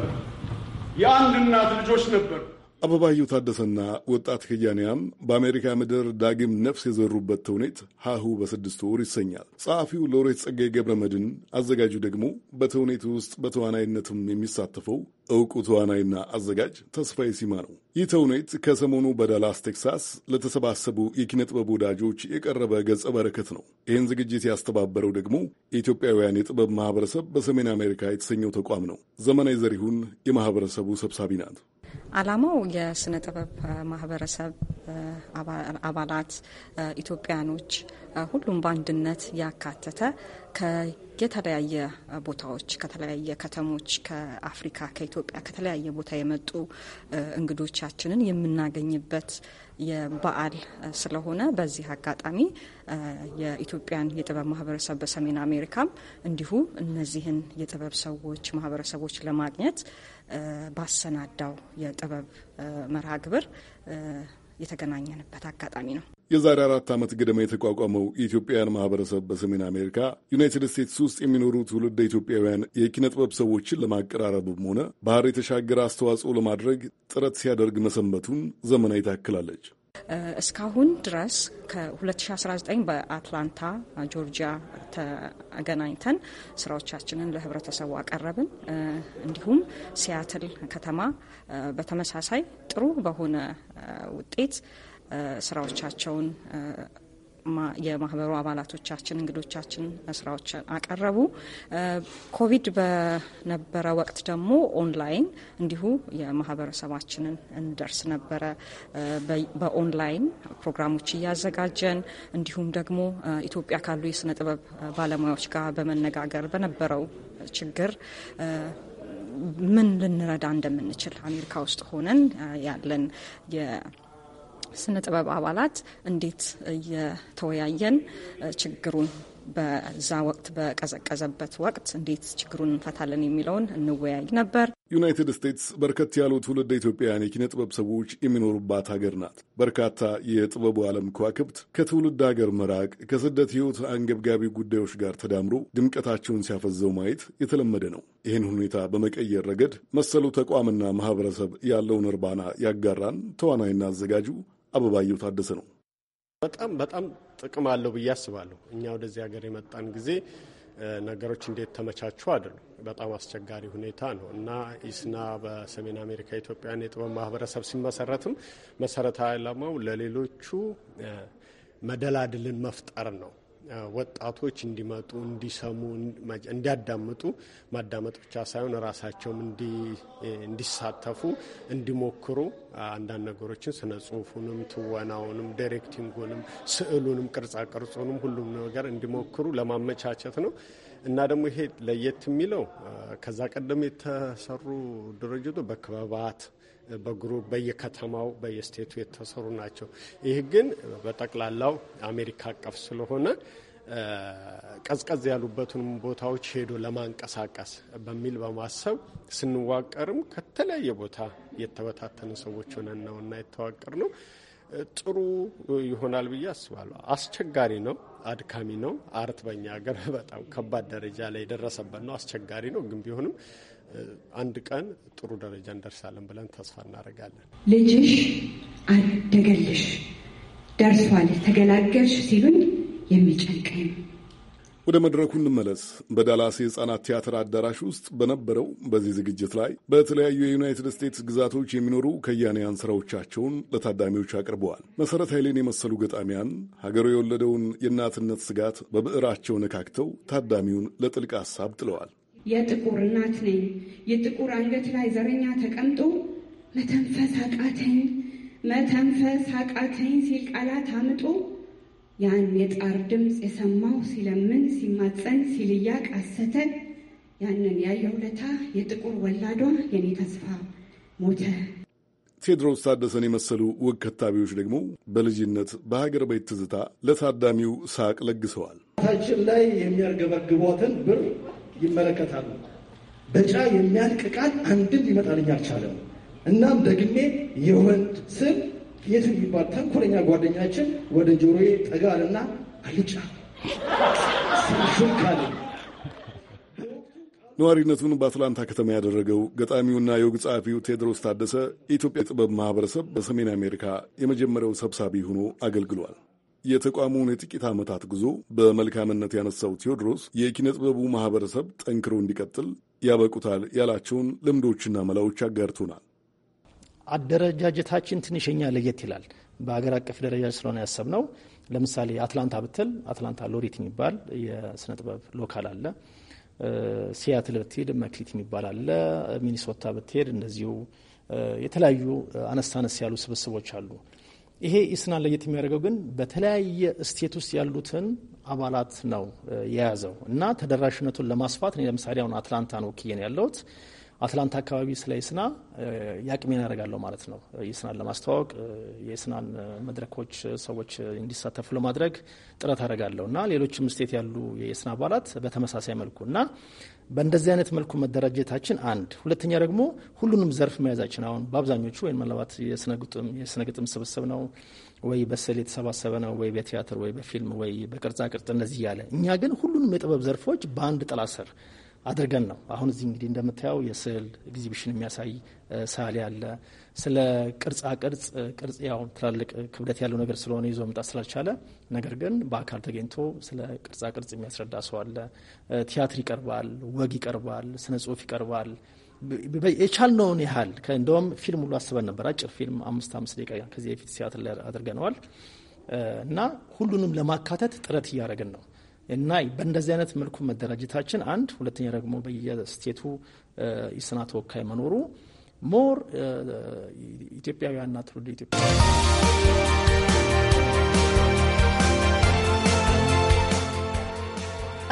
የአንድ እናት ልጆች ነበሩ። አበባየው ታደሰና ወጣት ከያንያን በአሜሪካ ምድር ዳግም ነፍስ የዘሩበት ተውኔት ሀሁ በስድስት ወር ይሰኛል። ጸሐፊው ሎሬት ጸጋዬ ገብረ መድን፣ አዘጋጁ ደግሞ በተውኔቱ ውስጥ በተዋናይነትም የሚሳተፈው እውቁ ተዋናይና አዘጋጅ ተስፋዬ ሲማ ነው። ይህ ተውኔት ከሰሞኑ በዳላስ ቴክሳስ ለተሰባሰቡ የኪነ ጥበብ ወዳጆች የቀረበ ገጸ በረከት ነው። ይህን ዝግጅት ያስተባበረው ደግሞ የኢትዮጵያውያን የጥበብ ማህበረሰብ በሰሜን አሜሪካ የተሰኘው ተቋም ነው። ዘመናዊ ዘሪሁን የማህበረሰቡ ሰብሳቢ ናት። አላማው የስነ ጥበብ ማህበረሰብ አባላት ኢትዮጵያኖች ሁሉም በአንድነት ያካተተ የተለያየ ቦታዎች ከተለያየ ከተሞች ከአፍሪካ ከኢትዮጵያ ከተለያየ ቦታ የመጡ እንግዶቻችንን የምናገኝበት የበዓል ስለሆነ በዚህ አጋጣሚ የኢትዮጵያን የጥበብ ማህበረሰብ በሰሜን አሜሪካም እንዲሁ እነዚህን የጥበብ ሰዎች ማህበረሰቦች ለማግኘት ባሰናዳው የጥበብ መርሃ ግብር የተገናኘንበት አጋጣሚ ነው። የዛሬ አራት ዓመት ገደማ የተቋቋመው የኢትዮጵያውያን ማህበረሰብ በሰሜን አሜሪካ ዩናይትድ ስቴትስ ውስጥ የሚኖሩ ትውልደ ኢትዮጵያውያን የኪነ ጥበብ ሰዎችን ለማቀራረብም ሆነ ባህር የተሻገረ አስተዋጽኦ ለማድረግ ጥረት ሲያደርግ መሰንበቱን ዘመናዊ ታክላለች። እስካሁን ድረስ ከ2019 በአትላንታ ጆርጂያ ተገናኝተን ስራዎቻችንን ለህብረተሰቡ አቀረብን። እንዲሁም ሲያትል ከተማ በተመሳሳይ ጥሩ በሆነ ውጤት ስራዎቻቸውን የማህበሩ አባላቶቻችን እንግዶቻችን ስራዎችን አቀረቡ። ኮቪድ በነበረ ወቅት ደግሞ ኦንላይን እንዲሁ የማህበረሰባችንን እንደርስ ነበረ። በኦንላይን ፕሮግራሞች እያዘጋጀን እንዲሁም ደግሞ ኢትዮጵያ ካሉ የስነ ጥበብ ባለሙያዎች ጋር በመነጋገር በነበረው ችግር ምን ልንረዳ እንደምንችል አሜሪካ ውስጥ ሆነን ያለን ስነ ጥበብ አባላት እንዴት እየተወያየን ችግሩን በዛ ወቅት በቀዘቀዘበት ወቅት እንዴት ችግሩን እንፈታለን የሚለውን እንወያይ ነበር። ዩናይትድ ስቴትስ በርከት ያሉ ትውልድ ኢትዮጵያውያን የኪነ ጥበብ ሰዎች የሚኖሩባት ሀገር ናት። በርካታ የጥበቡ ዓለም ከዋክብት ከትውልድ ሀገር መራቅ፣ ከስደት ሕይወት አንገብጋቢ ጉዳዮች ጋር ተዳምሮ ድምቀታቸውን ሲያፈዘው ማየት የተለመደ ነው። ይህን ሁኔታ በመቀየር ረገድ መሰሉ ተቋምና ማህበረሰብ ያለውን እርባና ያጋራን ተዋናይና አዘጋጁ አበባየው ታደሰ ነው። በጣም በጣም ጥቅም አለው ብዬ አስባለሁ። እኛ ወደዚህ ሀገር የመጣን ጊዜ ነገሮች እንዴት ተመቻቹ አይደሉም። በጣም አስቸጋሪ ሁኔታ ነው እና ኢስና በሰሜን አሜሪካ ኢትዮጵያን የጥበብ ማህበረሰብ ሲመሰረትም መሰረታዊ ዓላማው ለሌሎቹ መደላድልን መፍጠር ነው። ወጣቶች እንዲመጡ፣ እንዲሰሙ፣ እንዲያዳምጡ ማዳመጥ ብቻ ሳይሆን ራሳቸውም እንዲሳተፉ፣ እንዲሞክሩ አንዳንድ ነገሮችን ስነ ጽሁፉንም፣ ትወናውንም፣ ዳይሬክቲንጉንም፣ ስዕሉንም፣ ቅርጻቅርጹንም ሁሉም ነገር እንዲሞክሩ ለማመቻቸት ነው። እና ደግሞ ይሄ ለየት የሚለው ከዛ ቀደም የተሰሩ ድርጅቶች በክበባት በግሩፕ በየከተማው በየስቴቱ የተሰሩ ናቸው። ይህ ግን በጠቅላላው አሜሪካ አቀፍ ስለሆነ ቀዝቀዝ ያሉበትን ቦታዎች ሄዶ ለማንቀሳቀስ በሚል በማሰብ ስንዋቀርም ከተለያየ ቦታ የተበታተኑ ሰዎች ሆነን እና የተዋቀር ነው። ጥሩ ይሆናል ብዬ አስባለሁ። አስቸጋሪ ነው፣ አድካሚ ነው። አርት በኛ ሀገር በጣም ከባድ ደረጃ ላይ የደረሰበት ነው። አስቸጋሪ ነው ግን ቢሆንም አንድ ቀን ጥሩ ደረጃ እንደርሳለን ብለን ተስፋ እናደርጋለን። ልጅሽ አደገልሽ፣ ደርሷል፣ ተገላገልሽ ሲሉኝ የሚጨንቀኝ ወደ መድረኩ እንመለስ። በዳላስ የህፃናት ቲያትር አዳራሽ ውስጥ በነበረው በዚህ ዝግጅት ላይ በተለያዩ የዩናይትድ ስቴትስ ግዛቶች የሚኖሩ ከያንያን ስራዎቻቸውን ለታዳሚዎች አቅርበዋል። መሠረት ኃይሌን የመሰሉ ገጣሚያን ሀገሩ የወለደውን የእናትነት ስጋት በብዕራቸው ነካክተው ታዳሚውን ለጥልቅ ሀሳብ ጥለዋል። የጥቁር እናት ነኝ። የጥቁር አንገት ላይ ዘረኛ ተቀምጦ መተንፈስ አቃተኝ መተንፈስ አቃተኝ ሲል ቃላት አምጦ ያን የጣር ድምፅ የሰማው ሲለምን ሲማፀን ሲልያቅ አሰተ ያንን ያየው ለታ የጥቁር ወላዷ የኔ ተስፋ ሞተ። ቴዎድሮስ ታደሰን የመሰሉ ውግ ከታቢዎች ደግሞ በልጅነት በሀገር ቤት ትዝታ ለታዳሚው ሳቅ ለግሰዋል። ታችን ላይ የሚያርገበግቧትን ብር ይመለከታሉ። በጫ የሚያልቅ ቃል አንድም ሊመጣልኝ አልቻለም። እናም ደግሜ የወንድ ስም የት የሚባል ተንኮለኛ ጓደኛችን ወደ ጆሮዬ ጠጋልና አልጫ ሹካለ። ነዋሪነቱን በአትላንታ ከተማ ያደረገው ገጣሚውና የወግ ጸሐፊው ቴዎድሮስ ታደሰ የኢትዮጵያ ጥበብ ማህበረሰብ በሰሜን አሜሪካ የመጀመሪያው ሰብሳቢ ሆኖ አገልግሏል። የተቋሙን የጥቂት ዓመታት ጉዞ በመልካምነት ያነሳው ቴዎድሮስ የኪነ ጥበቡ ማህበረሰብ ጠንክሮ እንዲቀጥል ያበቁታል ያላቸውን ልምዶችና መላዎች አጋርቶናል። አደረጃጀታችን ትንሽኛ ለየት ይላል። በሀገር አቀፍ ደረጃ ስለሆነ ያሰብነው ለምሳሌ አትላንታ ብትል አትላንታ ሎሪት የሚባል የስነ ጥበብ ሎካል አለ። ሲያትል ብትሄድ መክሊት የሚባል አለ። ሚኒሶታ ብትሄድ እንደዚሁ የተለያዩ አነስ አነስ ያሉ ስብስቦች አሉ። ይሄ ኢስናን ለየት የሚያደርገው ግን በተለያየ ስቴት ውስጥ ያሉትን አባላት ነው የያዘው እና ተደራሽነቱን ለማስፋት ለምሳሌ አሁን አትላንታን ወክዬ ነው ያለሁት አትላንታ አካባቢ ስለ ይስና ያቅሜን ያደርጋለሁ ማለት ነው። ይስናን ለማስተዋወቅ የይስናን መድረኮች ሰዎች እንዲሳተፉ ለማድረግ ጥረት አደርጋለሁ እና ሌሎችም ስቴት ያሉ የይስና አባላት በተመሳሳይ መልኩ እና በእንደዚህ አይነት መልኩ መደራጀታችን አንድ፣ ሁለተኛ ደግሞ ሁሉንም ዘርፍ መያዛችን አሁን በአብዛኞቹ ወይም ምናልባት የስነ ግጥም ስብስብ ነው ወይ በስዕል የተሰባሰበ ነው ወይ በቲያትር ወይ በፊልም ወይ በቅርጻ ቅርጽ እንደዚህ ያለ እኛ ግን ሁሉንም የጥበብ ዘርፎች በአንድ ጥላ ስር አድርገን ነው። አሁን እዚህ እንግዲህ እንደምታየው የስዕል ኤግዚቢሽን የሚያሳይ ሳሊ አለ። ስለ ቅርጻ ቅርጽ ቅርጽ ያው ትላልቅ ክብደት ያለው ነገር ስለሆነ ይዞ መምጣት ስላልቻለ፣ ነገር ግን በአካል ተገኝቶ ስለ ቅርጻ ቅርጽ የሚያስረዳ ሰው አለ። ቲያትር ይቀርባል፣ ወግ ይቀርባል፣ ስነ ጽሁፍ ይቀርባል። የቻልነውን ያህል እንደውም ፊልም ሁሉ አስበን ነበር። አጭር ፊልም አምስት አምስት ደቂቃ ከዚህ በፊት ሲያትር አድርገነዋል እና ሁሉንም ለማካተት ጥረት እያደረግን ነው። እና በእንደዚህ አይነት መልኩ መደራጀታችን አንድ፣ ሁለተኛ ደግሞ በየስቴቱ የስና ተወካይ መኖሩ ሞር ኢትዮጵያውያንና ትውልደ ኢትዮጵያ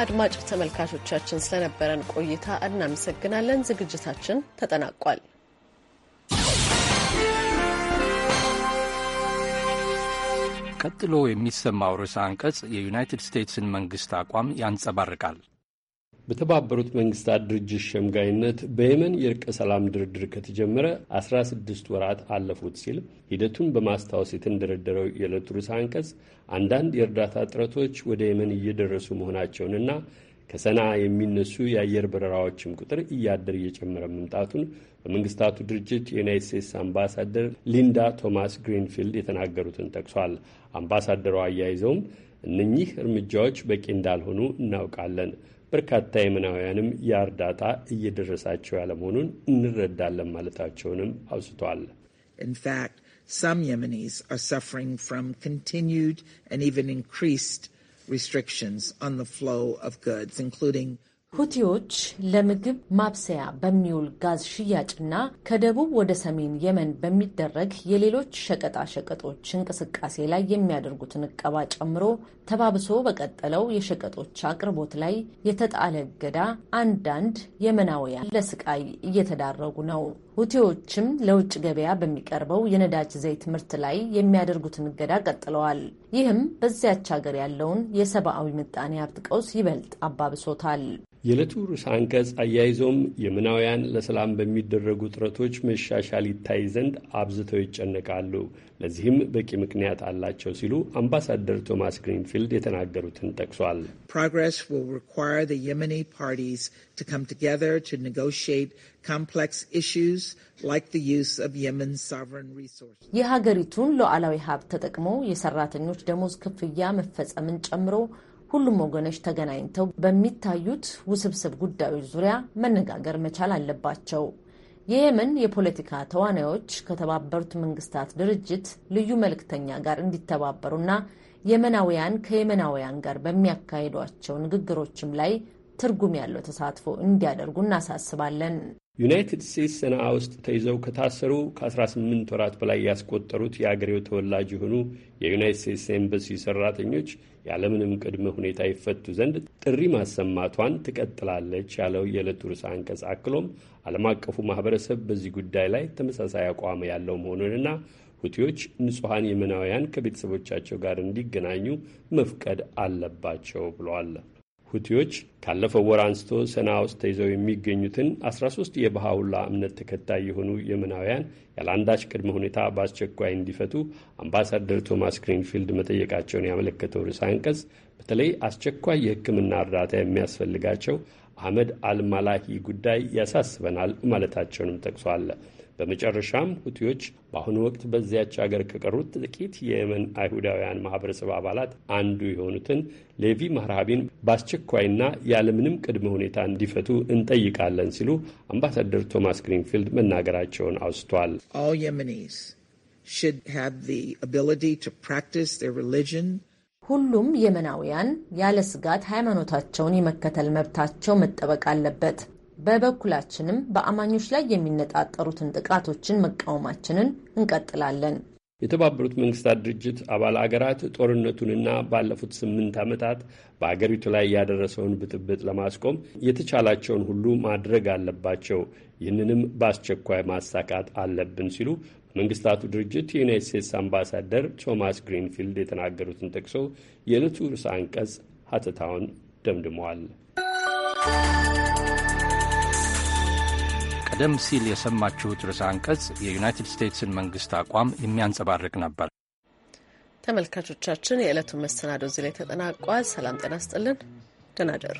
አድማጭ ተመልካቾቻችን ስለነበረን ቆይታ እናመሰግናለን። ዝግጅታችን ተጠናቋል። ቀጥሎ የሚሰማው ርዕሰ አንቀጽ የዩናይትድ ስቴትስን መንግሥት አቋም ያንጸባርቃል። በተባበሩት መንግስታት ድርጅት ሸምጋይነት በየመን የእርቀ ሰላም ድርድር ከተጀመረ 16 ወራት አለፉት ሲል ሂደቱን በማስታወስ የተንደረደረው የዕለቱ ርዕሰ አንቀጽ አንዳንድ የእርዳታ ጥረቶች ወደ የመን እየደረሱ መሆናቸውንና ከሰና የሚነሱ የአየር በረራዎችም ቁጥር እያደር እየጨመረ መምጣቱን በመንግስታቱ ድርጅት የዩናይት ስቴትስ አምባሳደር ሊንዳ ቶማስ ግሪንፊልድ የተናገሩትን ጠቅሷል። አምባሳደሯ አያይዘውም እነኚህ እርምጃዎች በቂ እንዳልሆኑ እናውቃለን፣ በርካታ የመናውያንም እርዳታ እየደረሳቸው ያለመሆኑን እንረዳለን ማለታቸውንም አውስቷል። ኢንፋክት ሰም የመኒስ አር ሰፍሪንግ ፍሮም ኮንቲኒድ ኤንድ ኢቨን ኢንክሪስድ ሁቲዎች ለምግብ ማብሰያ በሚውል ጋዝ ሽያጭና ከደቡብ ወደ ሰሜን የመን በሚደረግ የሌሎች ሸቀጣሸቀጦች እንቅስቃሴ ላይ የሚያደርጉትን እቀባ ጨምሮ ተባብሶ በቀጠለው የሸቀጦች አቅርቦት ላይ የተጣለ እገዳ አንዳንድ የመናውያን ለስቃይ እየተዳረጉ ነው። ሁቲዎችም ለውጭ ገበያ በሚቀርበው የነዳጅ ዘይት ምርት ላይ የሚያደርጉትን እገዳ ቀጥለዋል። ይህም በዚያች ሀገር ያለውን የሰብአዊ ምጣኔ ሀብት ቀውስ ይበልጥ አባብሶታል። የዕለቱ ርዕሰ አንቀጽ አያይዞም የምናውያን ለሰላም በሚደረጉ ጥረቶች መሻሻል ይታይ ዘንድ አብዝተው ይጨነቃሉ። ለዚህም በቂ ምክንያት አላቸው ሲሉ አምባሳደር ቶማስ ግሪንፊልድ የተናገሩትን ጠቅሷል። የሀገሪቱን ሉዓላዊ ሀብት ተጠቅሞ የሰራተኞች ደሞዝ ክፍያ መፈጸምን ጨምሮ ሁሉም ወገኖች ተገናኝተው በሚታዩት ውስብስብ ጉዳዮች ዙሪያ መነጋገር መቻል አለባቸው። የየመን የፖለቲካ ተዋናዮች ከተባበሩት መንግስታት ድርጅት ልዩ መልእክተኛ ጋር እንዲተባበሩና የመናውያን ከየመናውያን ጋር በሚያካሂዷቸው ንግግሮችም ላይ ትርጉም ያለው ተሳትፎ እንዲያደርጉ እናሳስባለን። ዩናይትድ ስቴትስ ሰንዓ ውስጥ ተይዘው ከታሰሩ ከ18 ወራት በላይ ያስቆጠሩት የአገሬው ተወላጅ የሆኑ የዩናይትድ ስቴትስ ኤምበሲ ሰራተኞች ያለምንም ቅድመ ሁኔታ ይፈቱ ዘንድ ጥሪ ማሰማቷን ትቀጥላለች ያለው የዕለቱ ርዕሰ አንቀጽ አክሎም ዓለም አቀፉ ማህበረሰብ በዚህ ጉዳይ ላይ ተመሳሳይ አቋም ያለው መሆኑንና ሁቲዎች ንጹሐን የመናውያን ከቤተሰቦቻቸው ጋር እንዲገናኙ መፍቀድ አለባቸው ብለዋል። ሁቲዎች ካለፈው ወር አንስቶ ሰና ውስጥ ተይዘው የሚገኙትን 13 የባህውላ እምነት ተከታይ የሆኑ የመናውያን ያለአንዳች ቅድመ ሁኔታ በአስቸኳይ እንዲፈቱ አምባሳደር ቶማስ ግሪንፊልድ መጠየቃቸውን ያመለከተው ርዕሰ አንቀጽ በተለይ አስቸኳይ የሕክምና እርዳታ የሚያስፈልጋቸው አመድ አልማላኪ ጉዳይ ያሳስበናል ማለታቸውንም ጠቅሷል። በመጨረሻም ሁቲዎች በአሁኑ ወቅት በዚያች አገር ከቀሩት ጥቂት የየመን አይሁዳውያን ማህበረሰብ አባላት አንዱ የሆኑትን ሌቪ ማርሃቢን በአስቸኳይና ያለምንም ቅድመ ሁኔታ እንዲፈቱ እንጠይቃለን ሲሉ አምባሳደር ቶማስ ግሪንፊልድ መናገራቸውን አውስቷል። All Yemenis should have ሁሉም የመናውያን ያለ ስጋት ሃይማኖታቸውን የመከተል መብታቸው መጠበቅ አለበት። በበኩላችንም በአማኞች ላይ የሚነጣጠሩትን ጥቃቶችን መቃወማችንን እንቀጥላለን። የተባበሩት መንግስታት ድርጅት አባል አገራት ጦርነቱንና ባለፉት ስምንት ዓመታት በአገሪቱ ላይ ያደረሰውን ብጥብጥ ለማስቆም የተቻላቸውን ሁሉ ማድረግ አለባቸው። ይህንንም በአስቸኳይ ማሳካት አለብን ሲሉ መንግስታቱ ድርጅት የዩናይት ስቴትስ አምባሳደር ቶማስ ግሪንፊልድ የተናገሩትን ጠቅሶ የዕለቱ ርዕሰ አንቀጽ ሀተታውን ደምድመዋል። ቀደም ሲል የሰማችሁት ርዕሰ አንቀጽ የዩናይትድ ስቴትስን መንግስት አቋም የሚያንጸባርቅ ነበር። ተመልካቾቻችን የዕለቱን መሰናዶ እዚህ ላይ ተጠናቋል። ሰላም ጤና ስጥልን። ደህና ደሩ።